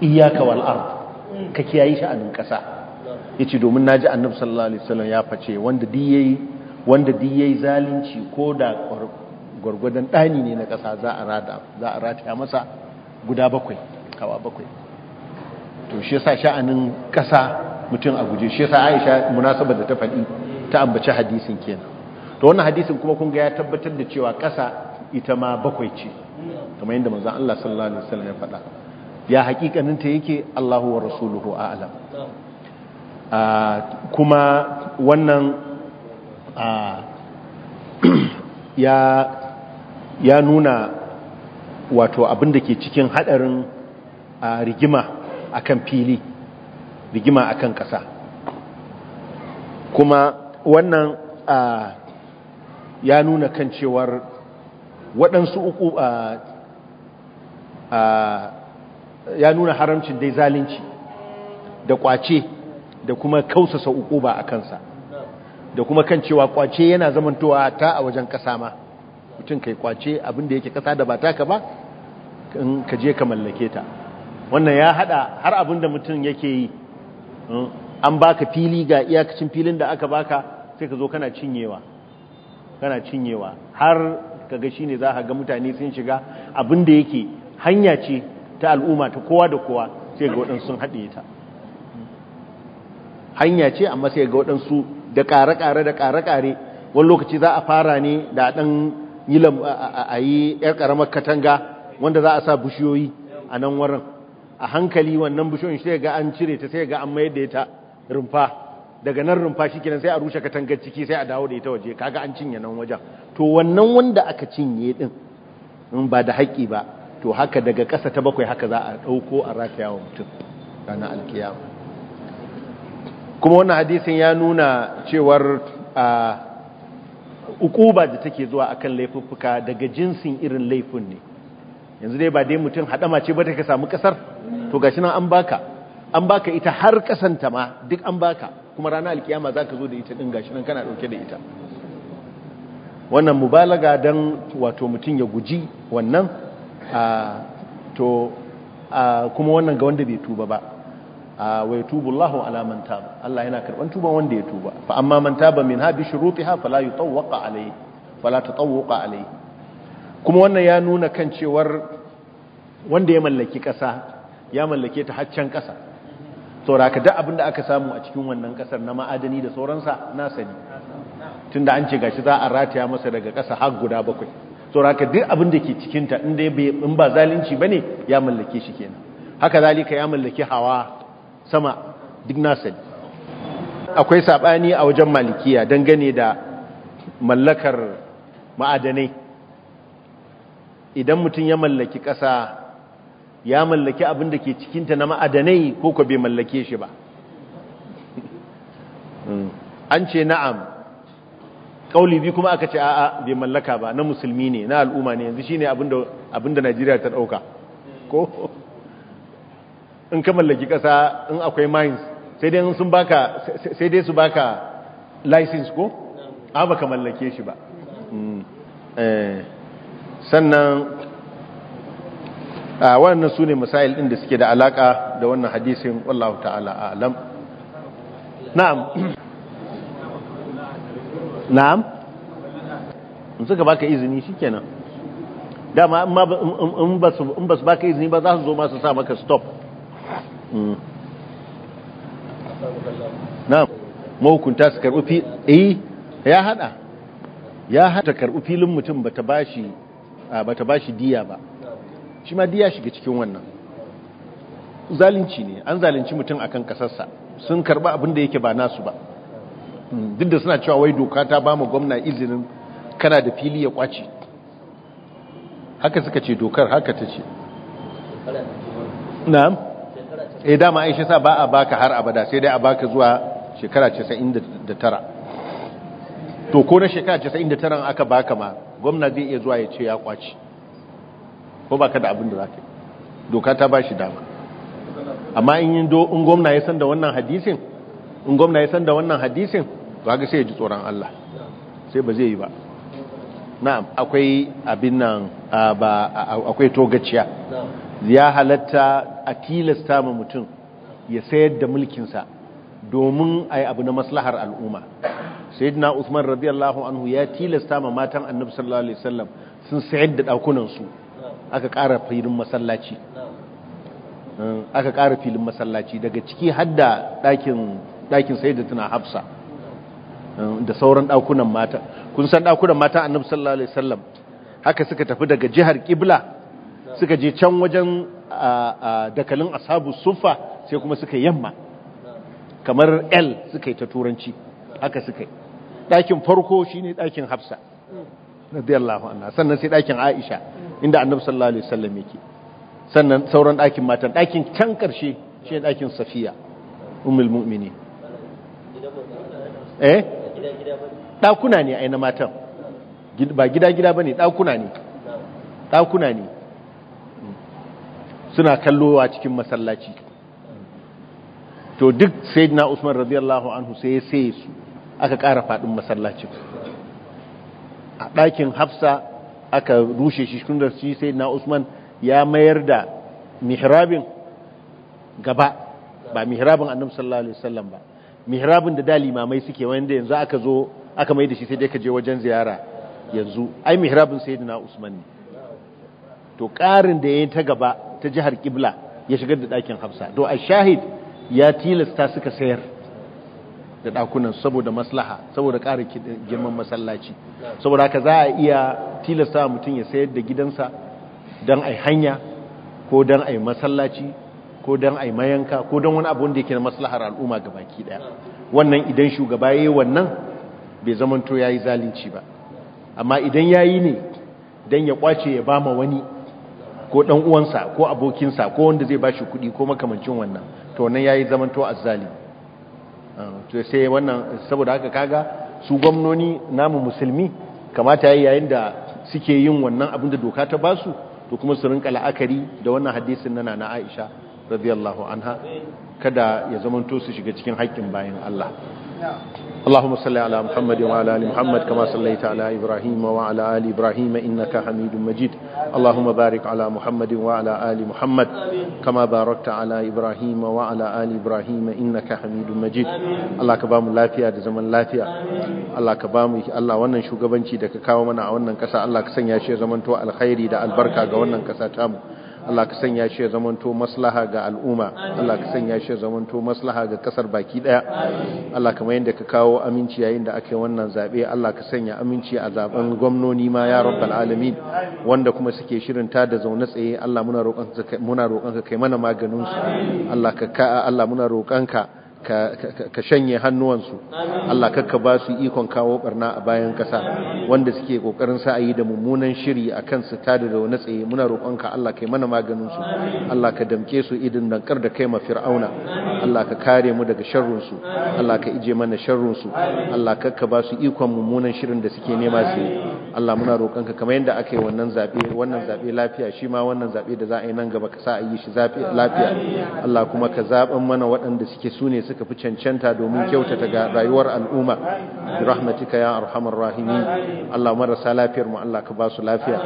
iyaka wal ka kiyayi sha'anin ƙasa yace domin naji annabi sallallahu alaihi wasallam ya face wanda duk yayi wanda duk yayi zalunci ko da gwargwadon ɗani ne na ƙasa za a rada za a rata masa guda bakwai kawa bakwai to shi yasa sha'anin ƙasa mutum a guje shi yasa Aisha munasabar da ta faɗi ta ambaci hadisin kenan to wannan hadisin kuma kun ga ya tabbatar da cewa ƙasa ita ma bakwai ce kamar yadda manzon Allah sallallahu alaihi wasallam ya faɗa ya hakikanin ta yake Allahu wa rasuluhu a'lam kuma wannan <clears throat> ya ya nuna wato abin da ke cikin hadarin rigima akan fili rigima akan ƙasa kuma wannan ya nuna kan cewar waɗansu uku ya nuna haramcin dai zalunci da kwace da kuma kausasa uku ba a kansa da kuma kan cewa kwace yana zamantowa ta a wajen ƙasa ma mutum kai kwace abinda yake ƙasa da ba taka ba in ka je ka mallake ta wannan ya hada har abinda mutum yake yi hmm, an baka fili ga iyakacin filin da aka baka sai ka zo kana cinyewa kana cinyewa har kaga shi ne za a ga mutane sun shiga abin da yake hanya ce ta al'umma ta kowa da kowa sai ga waɗansu sun haɗe ta hanya ce amma sai ga waɗansu da ƙare-ƙare da ƙare-ƙare wani lokaci za a fara ne da ɗan yi a ‘yar ƙaramar katanga wanda za a sa bishiyoyi a nan wurin a hankali wannan bishiyoyin sai ga an cire ta sai ga an mayar da ta rumfa daga nan rumfa shi kenan sai a rushe katangar ciki sai a dawo da ita waje kaga an cinye nan wajen to wannan wanda aka cinye din in ba da haƙƙi ba to haka daga ƙasa ta bakwai haka za a ɗauko a rataya wa mutum ranar alkiyama kuma wannan hadisin ya nuna cewar a ukuba da take zuwa akan laifuffuka daga jinsin irin laifin ne yanzu dai ba dai mutum haɗama ce ba ta ka samu ƙasar to gashi nan an baka an baka ita har ƙasanta ma duk an baka kuma ranar alkiyama za ka zo da ita ɗin gashi nan kana ɗauke da ita wannan mubalaga don wato mutum ya guji wannan to kuma wannan ga wanda bai tuba ba wa yatubu Allahu ala man taba Allah yana karɓar tuban wanda ya tuba fa amma man taba min ha bi shurutiha fala yutawqa alayhi fala tatawqa alayhi kuma wannan ya nuna kan cewar wanda ya mallaki ƙasa ya mallake ta haccan ƙasa saura ka duk abin da aka samu a cikin wannan kasar na ma'adani da sauransa na sani tunda an ce gashi za a rataya masa daga ƙasa har guda bakwai saura ka duk abin da ke cikin ta inda in ba zalunci ne ya mallake shi kenan haka zalika ya mallaki hawa sama duk na sani akwai saɓani a wajen malikiya dangane da mallakar ma'adanai idan mutum ya mallaki ƙasa ya mallaki abin da ke cikinta na ma'adanai ko ko bai mallake shi ba hmm. an ce na'am ƙauli bi kuma aka ce a'a bai mallaka ba na musulmi ne na al'umma ne yanzu shi ne abin da Najeriya ta ɗauka ko in ka mallaki ƙasa in akwai mines sai dai sun baka sai dai su baka license ko a baka mallake shi ba hmm. eh. sannan Ah, wannan su ne misayil ɗin da suke da alaƙa da wannan hadisin wallahu ta'ala alam na'am na'am in suka baka izini shikenan dama in ba su baka izini ba za su zo ma su sa maka stop hmm. na'am mahukunta su karɓi fi eh ya hada ya hada karɓi filin mutum bata bashi ah, bata bashi diya ba shi ma diya shiga cikin wannan zalunci ne an zalunci mutum akan kasarsa sun karba abin da yake ba nasu ba hmm, duk da suna cewa wai doka ta ba mu gwamna izinin kana da fili ya kwace haka suka ce dokar haka ta ce na ya eh, dama aisha sa ba a baka har abada sai dai a baka zuwa shekara 99 to ko na shekara 99 aka baka ma gwamna zai iya zuwa ya ce ya kwace ko ba ka da abin da za ka yi doka ta ba shi dama amma in yi do in gwamna ya san da wannan hadisin in gwamna ya san da wannan hadisin ba ga sai ya ji tsoron Allah sai ba zai yi ba na'am akwai abin nan ba akwai togaciya ya halatta a tilasta ma mutum ya sayar da mulkinsa domin a yi abu na maslahar al'umma sayyidina Usman radiyallahu anhu ya tilasta ma matan annabi sallallahu alaihi wasallam sun sayar da su. aka ƙara filin masallaci mm, aka ƙara filin masallaci daga ciki hadda ɗakin sai da tuna hafsa mm, da sauran ɗakunan mata kun san ɗakunan mata annabi sallallahu alaihi wasallam haka suka tafi daga jihar ƙibla suka je can wajen dakalin ashabu sufa sai kuma suka yamma kamar l suka yi ta turanci haka suka yi ɗakin farko shine ɗakin hafsa radiyallahu anha sannan sai ɗakin aisha inda annabi sallallahu alaihi wasallam yake sannan sauran ɗakin matan ɗakin can ƙarshe shi ne ɗakin safiya umul mu'mini eh ɗakuna ne aina matan ba gida-gida ba ne ɗakuna ne ɗakuna ne suna kallowa cikin masallaci to duk sai na usman radiyallahu anhu sai ya saye su aka ƙara faɗin masallacin a ɗakin hafsa aka rushe shi shi da shi sai na usman ya mayar da mihrabin gaba ba mihrabin annabi sallallahu alaihi wasallam ba mihrabin da da limamai suke wanda yanzu aka zo aka mai da shi sai dai ka je wajen ziyara yanzu ai mihrabin sayyidina usman ne to ƙarin da yayin ta gaba ta jihar kibla ya shigar da dakin hafsa to ashahid ya tilasta suka sayar da dakunan saboda maslaha saboda ƙara girman masallaci saboda haka za a iya tilasta mutum ya sayar da gidansa don a hanya ko don a masallaci ko don a mayanka ko don wani abun da yake na maslahar al'umma baki daya wannan idan shugaba ya yi wannan bai zamanto yi zalunci ba amma idan ya yi ne dan ya kwace ya bama wani ko dan uwansa ko abokinsa ko wanda zai ba shi kuɗi ko makamancin wannan to wannan ya yi zamanto a azzalimi to sai wannan saboda haka kaga su gwamnoni namu musulmi kamata yayi yayin da suke yin wannan abin da doka ta basu to kuma su rinka la'akari da wannan hadisin nana na Aisha radiyallahu anha kada ya zamanto su shiga cikin haƙƙin bayan Allah allahumma ala Muhammad wa ala ali Muhammad kama sallaita ala Ibrahim wa ala ali Ibrahim innaka Hamidum majid. اللهم بارك على محمد وعلى آل محمد كما باركت على إبراهيم وعلى آل إبراهيم إنك حميد مجيد الله كبام lafiya da zaman lafiya Allah ka ba mu Allah wannan shugabanci da ka kawo mana a wannan ƙasa. Allah ka sanya shi zamanto alkhairi da albarka ga wannan kasa tamu Allah ka sanya shi ya zamanto maslaha ga al'umma Allah ka sanya shi ya zamanto maslaha ga kasar baki daya Allah kamar yadda ka kawo aminci yayin da ake wannan zabe Allah ka sanya aminci a zaben gwamnoni ma ya rabbal alamin wanda kuma suke shirin ta da zaune tsaye Allah muna roƙon muna roƙon kai mana maganin su Allah ka ka Allah muna roƙon ka shanye hannuwansu Allah kakka ba su ikon kawo barna a bayan kasa wanda suke kokarin sa yi da mummunan shiri a kan su tada da wani tsaye muna roƙonka Allah kai mana maganin su Allah ka damke su idin dankar da kai ma fir'auna Allah ka kare mu daga sharrunsu Allah ka ije mana sharrunsu Allah kakka ba su ikon mummunan shirin da suke nema su Allah muna roƙonka kamar yadda aka yi wannan zaɓe wannan zaɓe lafiya shi ma wannan zaɓe da za a yi nan gaba ka sa a yi shi lafiya Allah kuma ka zaben mana waɗanda suke su ne suka suka fi cancanta domin kyautata ga rayuwar al'umma bi rahmatika ya arhamar rahimi Allah marasa lafiyar mu Allah ka ba su lafiya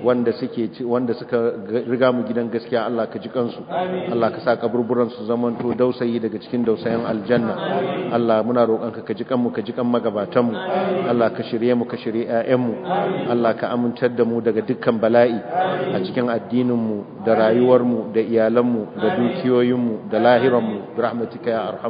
wanda suke wanda suka riga mu gidan gaskiya Allah ka ji kansu Allah ka sa kaburburan su to dausayi daga cikin dausayin aljanna Allah muna roƙon ka ka ji kanmu ka ji kan magabatan mu Allah ka shirye mu ka shirye ƴaƴan mu Allah ka amintar da mu daga dukkan bala'i a cikin addinin mu da rayuwar mu da iyalan mu da dukiyoyin mu da lahiran mu bi rahmatika ya arham